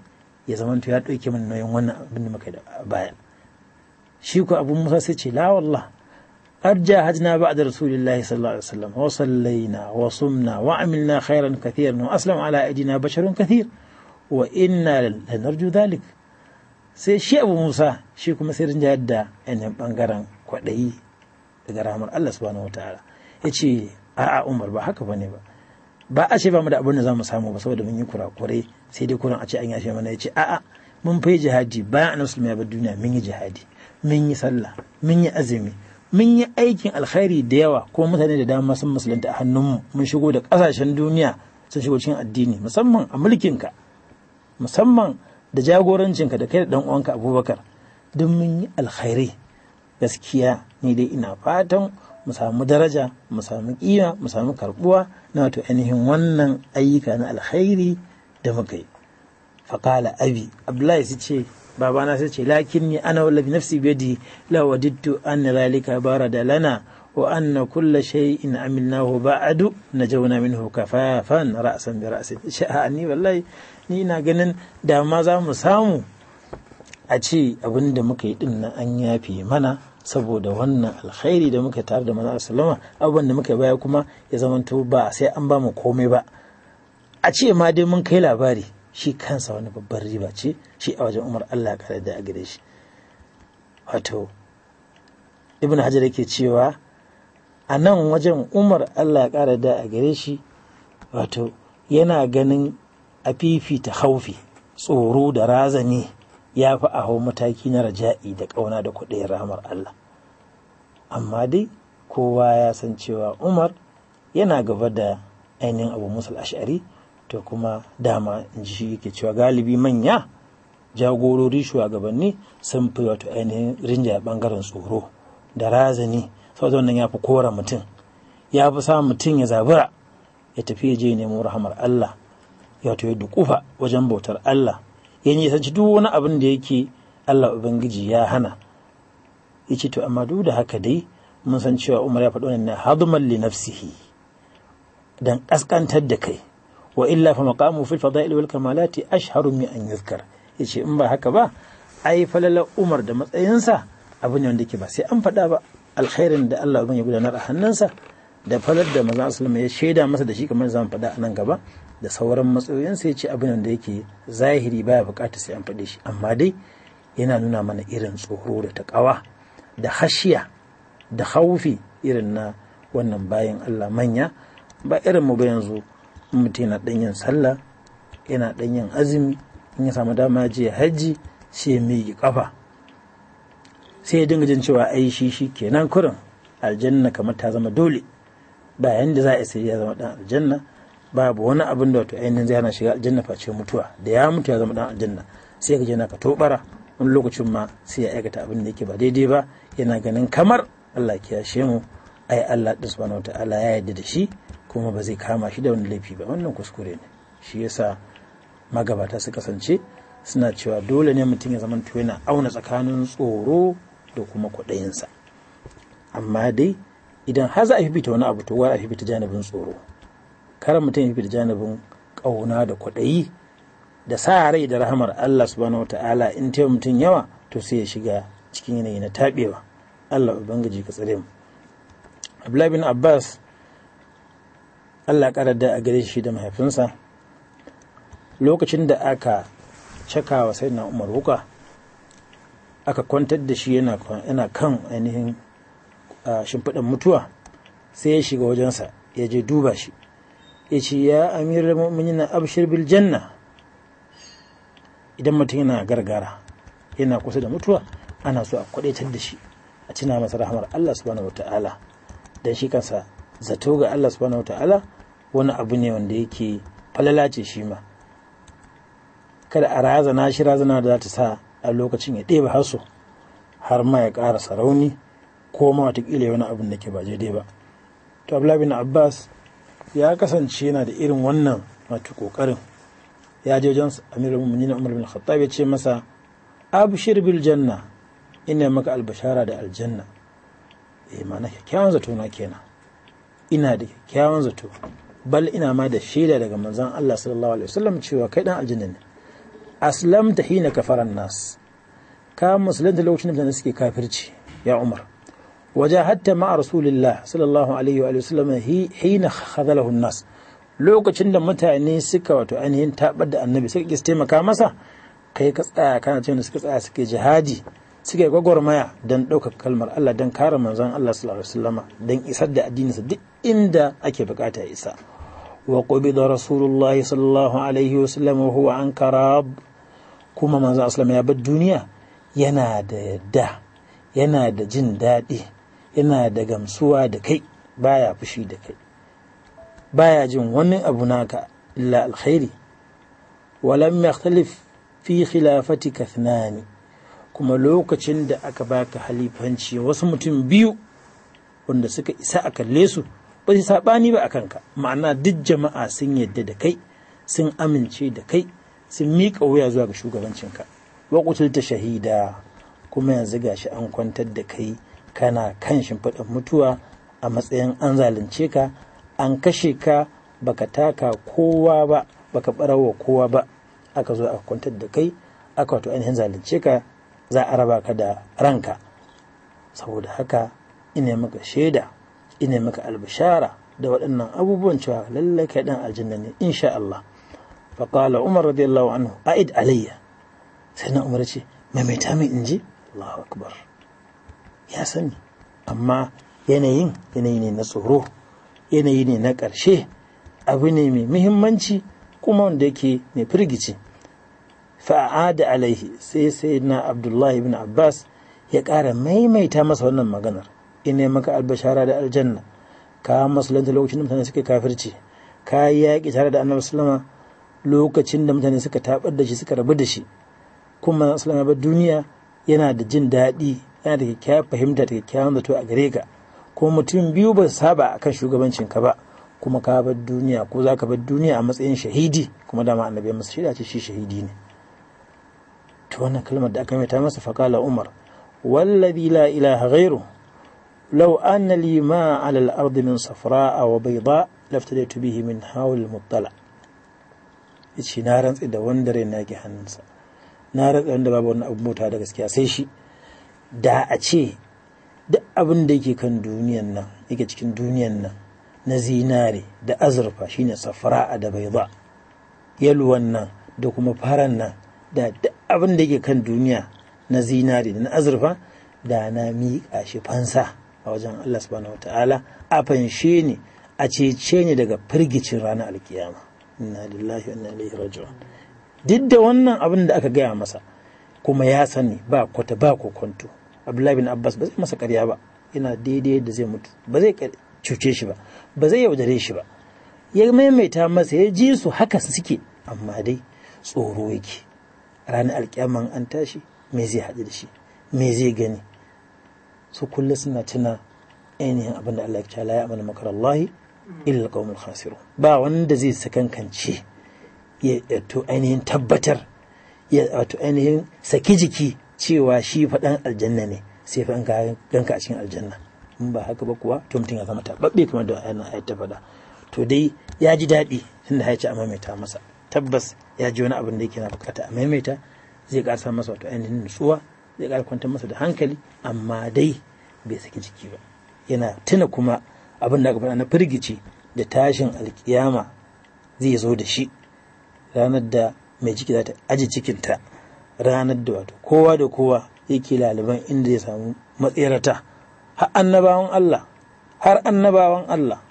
ya zama ya ɗauke mana nauyin wannan abin da muka baya shi ko abu musa sai ce la wallah arja hajna da rasulillahi sallallahu alaihi wasallam wa sallaina wa sumna wa amilna khairan kathir wa aslam ala aidina basharun kathir wa inna lanarju dhalik sai shi abu musa shi kuma sai rinja yadda yanayin bangaren kwaɗayi daga rahmar allah subhanahu ta'ala ya ce a'a umar ba haka bane ba ba a ce ba mu da abin da za mu samu ba saboda mun yi kurakurai sai dai kuran a ce an yafe mana ya ce a'a mun fi jihadi bayan annabi sallallahu ya bar duniya mun yi jihadi mun yi sallah mun yi azumi mun yi aikin alkhairi da yawa kuma mutane da dama sun musulunta a hannun mu mun shigo da kasashen duniya sun shigo cikin addini musamman a mulkin ka. musamman da jagorancin ka da kai da dan uwanka abubakar don mun yi alkhairi gaskiya ni dai ina fatan mu samu daraja mu samu kima mu samu karbuwa na wato ainihin wannan ayyuka na alkhairi da muka yi faƙala abi abdullahi su ce babana su ce lakin ni ana wallafi nafsi biyadi la wadittu an lalika bara da lana wa anna kulla na amilnahu ba'adu najawna minhu kafafan ra'san bi sha'a sha'ani wallahi ni na ganin da ma za mu samu a ce abin da muka yi din nan an yafe mana saboda wannan alkhairi da muka tare da manzo sallama abubuwan da muka baya kuma ya zamanto ba sai an ba mu komai ba a ce ma dai mun kai labari shi kansa wani babbar riba ce shi a wajen umar Allah ya da a gare shi wato ibn hajar yake cewa a nan wajen umar Allah kare da a gare shi wato yana ganin a fifita haufi tsoro da razani ya fi a hau mataki na raja'i da ƙauna da kuɗin ramar Allah amma dai kowa ya san cewa umar yana gaba da ainihin abu musul ash'ari to kuma dama in ji yake cewa galibi manya jagorori shugabanni sun fi wato ainihin a bangaren tsoro da razani saboda wannan ya fi kora mutum ya fi sa mutum ya zabura ya tafi ya je nemo rahamar Allah ya wato ya dukufa wajen bautar Allah ya nisanci duk wani abin da yake Allah Ubangiji ya hana ya ce to amma duk da haka dai mun san cewa Umar ya faɗo ne na li nafsihi dan ƙasƙantar da kai wa illa fa maqamu fil fada'il wal kamalati ashharu min an yuzkar yace in ba haka ba ai falala Umar da matsayinsa abu ne wanda yake ba sai an faɗa ba alkhairin da Allah ya gudanar a sa da falar da maza asalama ya shaida masa da shi kamar zan fada a nan gaba da sauran matsayoyinsa ya ce abin da yake zahiri baya bukatar sai an faɗe shi amma dai yana nuna mana irin tsoro da taƙawa da hashiya da haufi irin na wannan bayan Allah manya ba irin mu ba yanzu mutum yana ɗan yin sallah yana ɗan yin azumi in ya samu dama je hajji sai ya mai ƙafa sai ya dinga jin cewa ai shi shi kenan kurin aljanna kamar ta zama dole bayan da za a sai ya zama ɗan aljanna babu wani abin da wato ainihin zai hana shiga aljanna face mutuwa da ya mutu ya zama ɗan aljanna sai ka je na ka tobara wani lokacin ma sai ya aikata abin da yake ba daidai ba yana ganin kamar Allah ya kiyashe mu ai Allah din subhanahu wataala ya yarda da shi kuma ba zai kama shi da wani laifi ba wannan kuskure ne shi yasa magabata su kasance suna cewa dole ne mutum ya zama yana auna tsakanin tsoro da kuma kwaɗayinsa amma dai idan har za a fifita wani abu to wa a fifita janibin tsoro kar mutum ya fifita janibin ƙauna da kwaɗayi da sa rai da rahamar Allah subhanahu wa ta'ala in ta mutum yawa to sai ya shiga cikin yanayi na taɓewa Allah ubangiji ka tsare mu Abdullahi bin Abbas allah ƙara da a gare shi da mahaifinsa lokacin da aka caka wa sai na umar wuka aka kwantar da shi yana kan ainihin shimfiɗin mutuwa sai ya shiga wajensa ya je duba shi ya ce ya amir mu'minina abshir bil janna idan mutum yana gargara yana kusa da mutuwa ana so a kwadaitar da shi a cina masa rahamar Allah subhanahu wataala dan shi kansa zato ga Allah subhanahu wataala wani abu ne wanda yake falala ce shi ma kada a razana shi razana da za ta sa a lokacin ya ɗeba haso har ma ya ƙara sarauni ko ma watakila wani abin da ke ba daidai ba to bin abbas ya kasance yana da irin wannan wato ƙoƙarin ya je wajen amirul mu'minin umar bin khattab ya ce masa abshir bil janna ina maka albashara da aljanna eh ma'ana kyakkyawan zato na kenan ina da kyakkyawan zato bal ina ma da shaida daga manzon Allah sallallahu alaihi wasallam cewa kai dan aljanna ne aslamta hina kafaran nas ka musulunta lokacin da suke kafirci ya Umar wajahatta ma rasulillah sallallahu alaihi wa sallam hina khadalahu nas lokacin da mutane suka wato ainihin tabar da annabi suka kiste taimaka masa kai ka tsaya kana cewa suka tsaya suke jihadi suke gwagwarmaya don ɗaukaka kalmar Allah don kare manzon Allah sallallahu alaihi wasallama don isar da addinin duk inda ake bukata isa وقبض رسول الله صلى الله عليه وسلم وهو عن كراب كما من أسلم يا بالدنيا ينادى دا ينادى جن دادي ينادى سوى دكي بايا فشي دكي بايا جن ون أبناك إلا الخير ولم يختلف في خلافتك اثنان كما لوك جن aka أكباك حليب هنشي mutum بيو ونسك إساءك isa ba zai saɓani ba a kanka ma'ana duk jama'a sun yadda da kai sun amince da kai sun miƙa wuya zuwa ga shugabancinka wa ta shahida kuma yanzu gashi an kwantar da kai kana kan shimfiɗar mutuwa a matsayin an zalunce ka an kashe ka baka taka kowa ba baka barawa kowa ba aka zo aka kwantar da kai aka wato ainihin zalunce ka za a raba ka da ranka saboda haka ina maka shaida ina maka albishara da waɗannan abubuwan cewa lallai kai ɗan aljanna ne insha Allah faƙala umar radiyallahu anhu a'id alayya sai na umar ce maimaita min in ji Allahu akbar ya sani amma yanayin yanayi ne na tsoro yanayi ne na ƙarshe abu ne mai muhimmanci kuma wanda yake mai firgici Fa'a fa'ada alaihi sai sai na abdullahi ibn abbas ya ƙara maimaita masa wannan maganar ina maka albashara da aljanna ka musulunta lokacin da mutane suka kafirci ka yi yaƙi tare da annabi sallama lokacin da mutane suka tabar da shi suka rabu da shi kuma sallama ba duniya yana da jin daɗi yana da kyakkyawar fahimta da kyakkyawan zato a gare ka kuma mutum biyu ba saba akan shugabancin ka ba kuma ka bar duniya ko za ka bar duniya a matsayin shahidi kuma dama annabi masu shaida ce shi shahidi ne to wannan kalmar da aka mai ta masa faƙala umar wallazi la ilaha ghairu لو أن لي ما على الأرض من صفراء وبيضاء لافتديت به من حول المطلع yace na rantsi da wanda rai na ke hannunsa na rantsi wanda babu wani abu mota da gaskiya sai shi da a ce duk abin da yake kan duniyan nan yake cikin duniyan nan na zinare da azurfa shine safra'a da baiza yalwan nan da kuma faran nan da duk abin da yake kan duniya na zinare da na azurfa da na miƙa shi fansa a wajen Allah subhanahu wataala a fanshe ni a cece ni daga firgicin ranar alkiyama inna lillahi wa inna ilaihi raji'un duk da wannan abin da aka gaya masa kuma ya sani ba kwata ba kokonto Abdullahi bin Abbas ba zai masa karya ba yana daidai da zai mutu ba zai cuce shi ba ba zai yaudare shi ba ya maimaita masa ya ji su haka suke amma dai tsoro yake ranar alkiyama an tashi me zai haɗu da shi me zai gani su kullum suna tuna ainihin abin da Allah ya kyala ya amana makar Allah illa qaumul khasirun ba wanda zai sakankance ya to ainihin tabbatar ya to ainihin saki jiki cewa shi faɗan aljanna ne sai fa ganka a cikin aljanna in ba haka ba kuwa to mutum ya zama Babbe kamar da ayan ayat ta faɗa to dai ya ji daɗi tunda ya ci a maimaita masa tabbas ya ji wani abin da yake na bukata a maimaita zai ƙarsa masa wato ainihin nutsuwa zai ƙara kwantar masa da hankali amma dai bai saki jiki ba yana tuna kuma abin da aka na firgici da tashin alkiyama zai zo da shi ranar da mai ciki za ta aji cikinta ranar da wato kowa da kowa yake laliban inda ya samu matsirata har annabawan Allah har annabawan Allah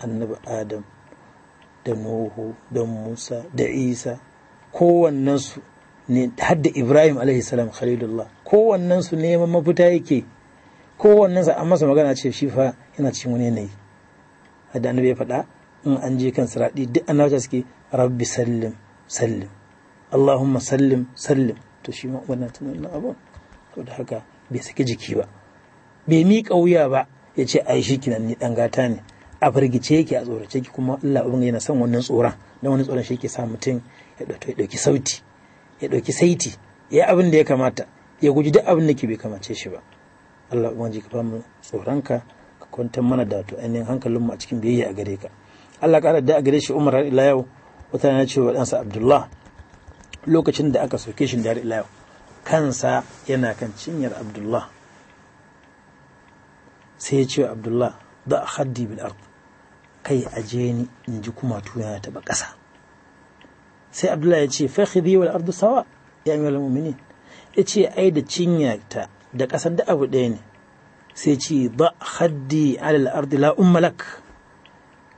annabi Adam da Nuhu da Musa da Isa kowannensu hadda ibrahim alaihi salam khalilullah kowannen su neman mafita yake kowannen sa an masa magana ce shi fa yana cikin wani yanayi hadda annabi ya faɗa in an je kan siradi duk annabta suke rabbi sallim sallim allahumma sallim sallim to shi ma wannan tunanin abun to da haka bai saki jiki ba bai miƙa wuya ba ya ce ai shi kinan ni dan gata ne a firgice yake a tsorace ki kuma Allah ubangiji yana son wannan tsoron dan wannan tsoron shi yake sa mutum ya dauki sauti ya ɗauki saiti ya yi abin da ya kamata ya guji duk abin da ke bai kamace shi ba Allah ubangiji ka mu tsoronka ka kwantar mana da to ainihin mu a cikin biyayya a gare ka Allah ƙara da a gare shi Umar har ila yau wata na cewa ɗansa Abdullah lokacin da aka soke shi da har ila kansa yana kan cinyar Abdullah sai ya ce Abdullah da haddi bil ard kai aje ni in ji kuma tuna ta ba ƙasa sai abdullahi ya ce fakhidhi wal ardu sawa ya ayyuhal mu'minin ya ce ai da ta da kasar da abu ɗaya ne sai ce ba haddi alal ardi la ummalak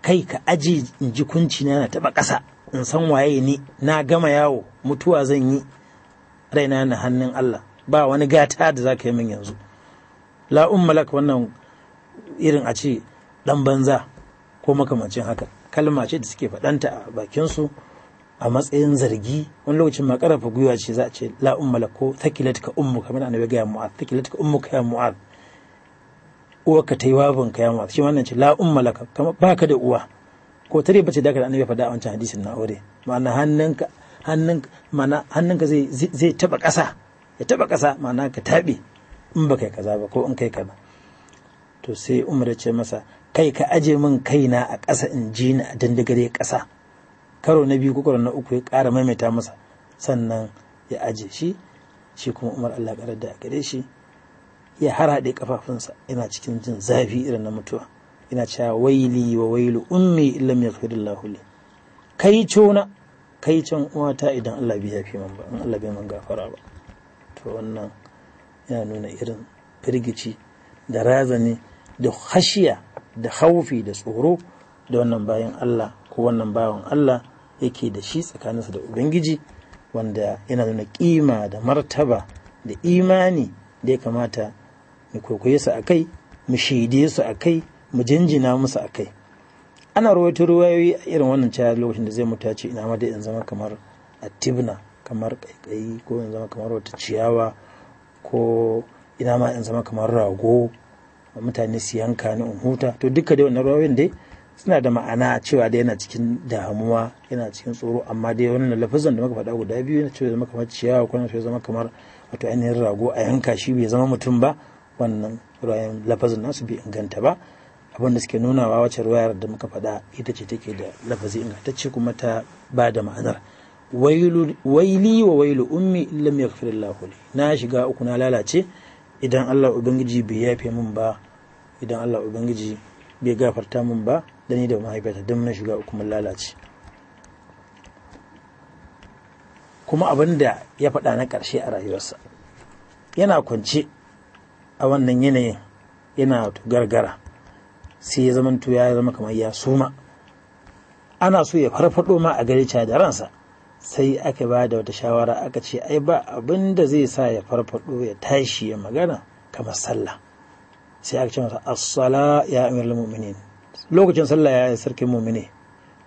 kai ka aji in ji kunci na taɓa kasa. in san waye ni na gama yawo mutuwa zan yi raina na hannun Allah ba wani gata da zaka yi min yanzu la ummalak wannan irin a ce ɗan banza ko makamancin haka kalma ce da suke faɗanta a bakinsu a matsayin zargi wani lokacin ma karafa gwiwa ce za a ce la ummala ko thakilat ka ummu kamar annabi ga ya mu'ad thakilat ka ummu ka ya mu'ad uwa ka tai wabin ka ya mu'ad shi wannan ce la ummala ka ba ka da uwa ko tare bace da ka annabi faɗa a wancan hadisin na aure ma'ana hannunka hannun ma'ana hannunka zai zai taba ƙasa ya taba ƙasa ma'ana ka tabe in ba kai kaza ba ko in kai kaza to sai umar ce masa kai ka aje min kaina a ƙasa in ji ni a dandagare ƙasa karo na biyu ko na uku ya ƙara maimaita masa sannan ya aje shi shi kuma umar allah ƙarar da gare shi ya haraɗe kafafunsa yana cikin jin zafi irin na mutuwa yana cewa waili wa wailu ummi illam yaghfirullahu li kai cona kai can uwata idan Allah bai yafi man ba in Allah bai man gafara ba to wannan yana nuna irin firgici da razani da hashiya da haufi da tsoro da wannan bayan Allah ko wannan bawan Allah yake da shi tsakaninsa da ubangiji wanda yana nuna kima da martaba da imani da ya kamata mu kwaikwaye su a kai mu shaide su a kai mu jinjina musu a kai ana rawaito ruwayoyi a irin wannan cayar lokacin da zai mutu ce ina ma da in zama kamar atibna kamar kaikayi ko in zama kamar wata ciyawa ko ina ma in zama kamar rago mutane su yanka ni in huta to duka dai wannan ruwayoyin dai suna da ma'ana cewa da yana cikin damuwa yana cikin tsoro amma dai wannan lafazan da muka faɗa guda biyu yana cewa zama kamar ciyawa ko yana zama kamar wato ainihin rago a yanka shi bai zama mutum ba wannan rayan lafazin nasu bai inganta ba abinda suke nunawa wacce ruwayar da muka faɗa ita ce take da lafazi ingantacce kuma ta ba da ma'anar waili wa wailu ummi illam yaghfirullah li na shiga uku na lalace idan Allah ubangiji bai yafe min ba idan Allah ubangiji bai gafarta min ba da ni da mahaifiyata don na shiga hukumar lalace kuma abin da ya faɗa na ƙarshe a rayuwarsa yana kwance a wannan yanayin yana gargara sai ya zamanto ya zama kamar ya suma ana so ya farfaɗo ma a gari da ransa sai aka ba da wata shawara aka ce ai ba abin da zai sa ya farfaɗo ya tashi ya magana kamar sallah sai aka ce masa as ya amirul mu'minin lokacin sallah ya yi sarkin mu'mini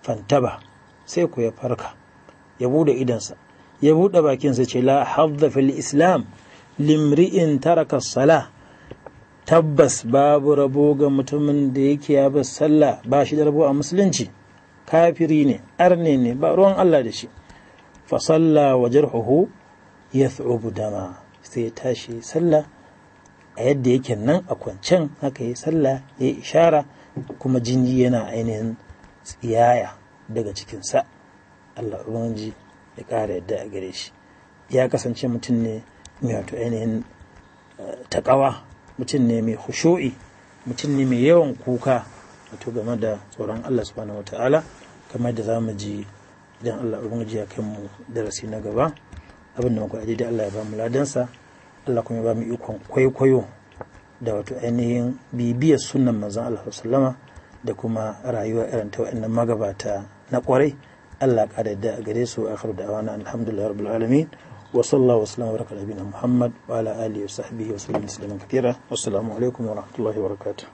fantaba sai ku ya farka ya bude idansa ya buɗe bakin sa ce la hafza fil islam limri'in taraka sala tabbas babu rabo ga mutumin da yake ya bar sallah ba shi da rabo a musulunci kafiri ne arne ne ba ruwan Allah da shi fa salla wa jarhuhu yathubu dama sai ya tashi sallah a yadda yake nan a kwancen haka ya sallah ya ishara kuma jini yana ainihin tsiyaya daga cikinsa Allah Ubangiji ya ƙara yadda a gare shi ya kasance mutum ne mai wato ainihin eh, takawa mutum ne mai hushu'i mutum ne mai yawan kuka wato game da tsoron Allah subhanahu wata'ala kamar da zamu ji idan Allah Ubangiji ya kai mu darasi na gaba abin da muka da Allah ya ba mu ladansa Allah kuma ba mu ikon kwaikwayo da wato ainihin bibiyar sunan manzon Allah sallama da kuma rayuwa irin ta wa'annan magabata na kwarai Allah kada da gare su a da awana alhamdulillah rabbil alamin wa sallallahu wa sallam baraka nabiyina Muhammad wa ala alihi wa sahbihi wa sallam kathira assalamu alaikum wa rahmatullahi wa barakatuh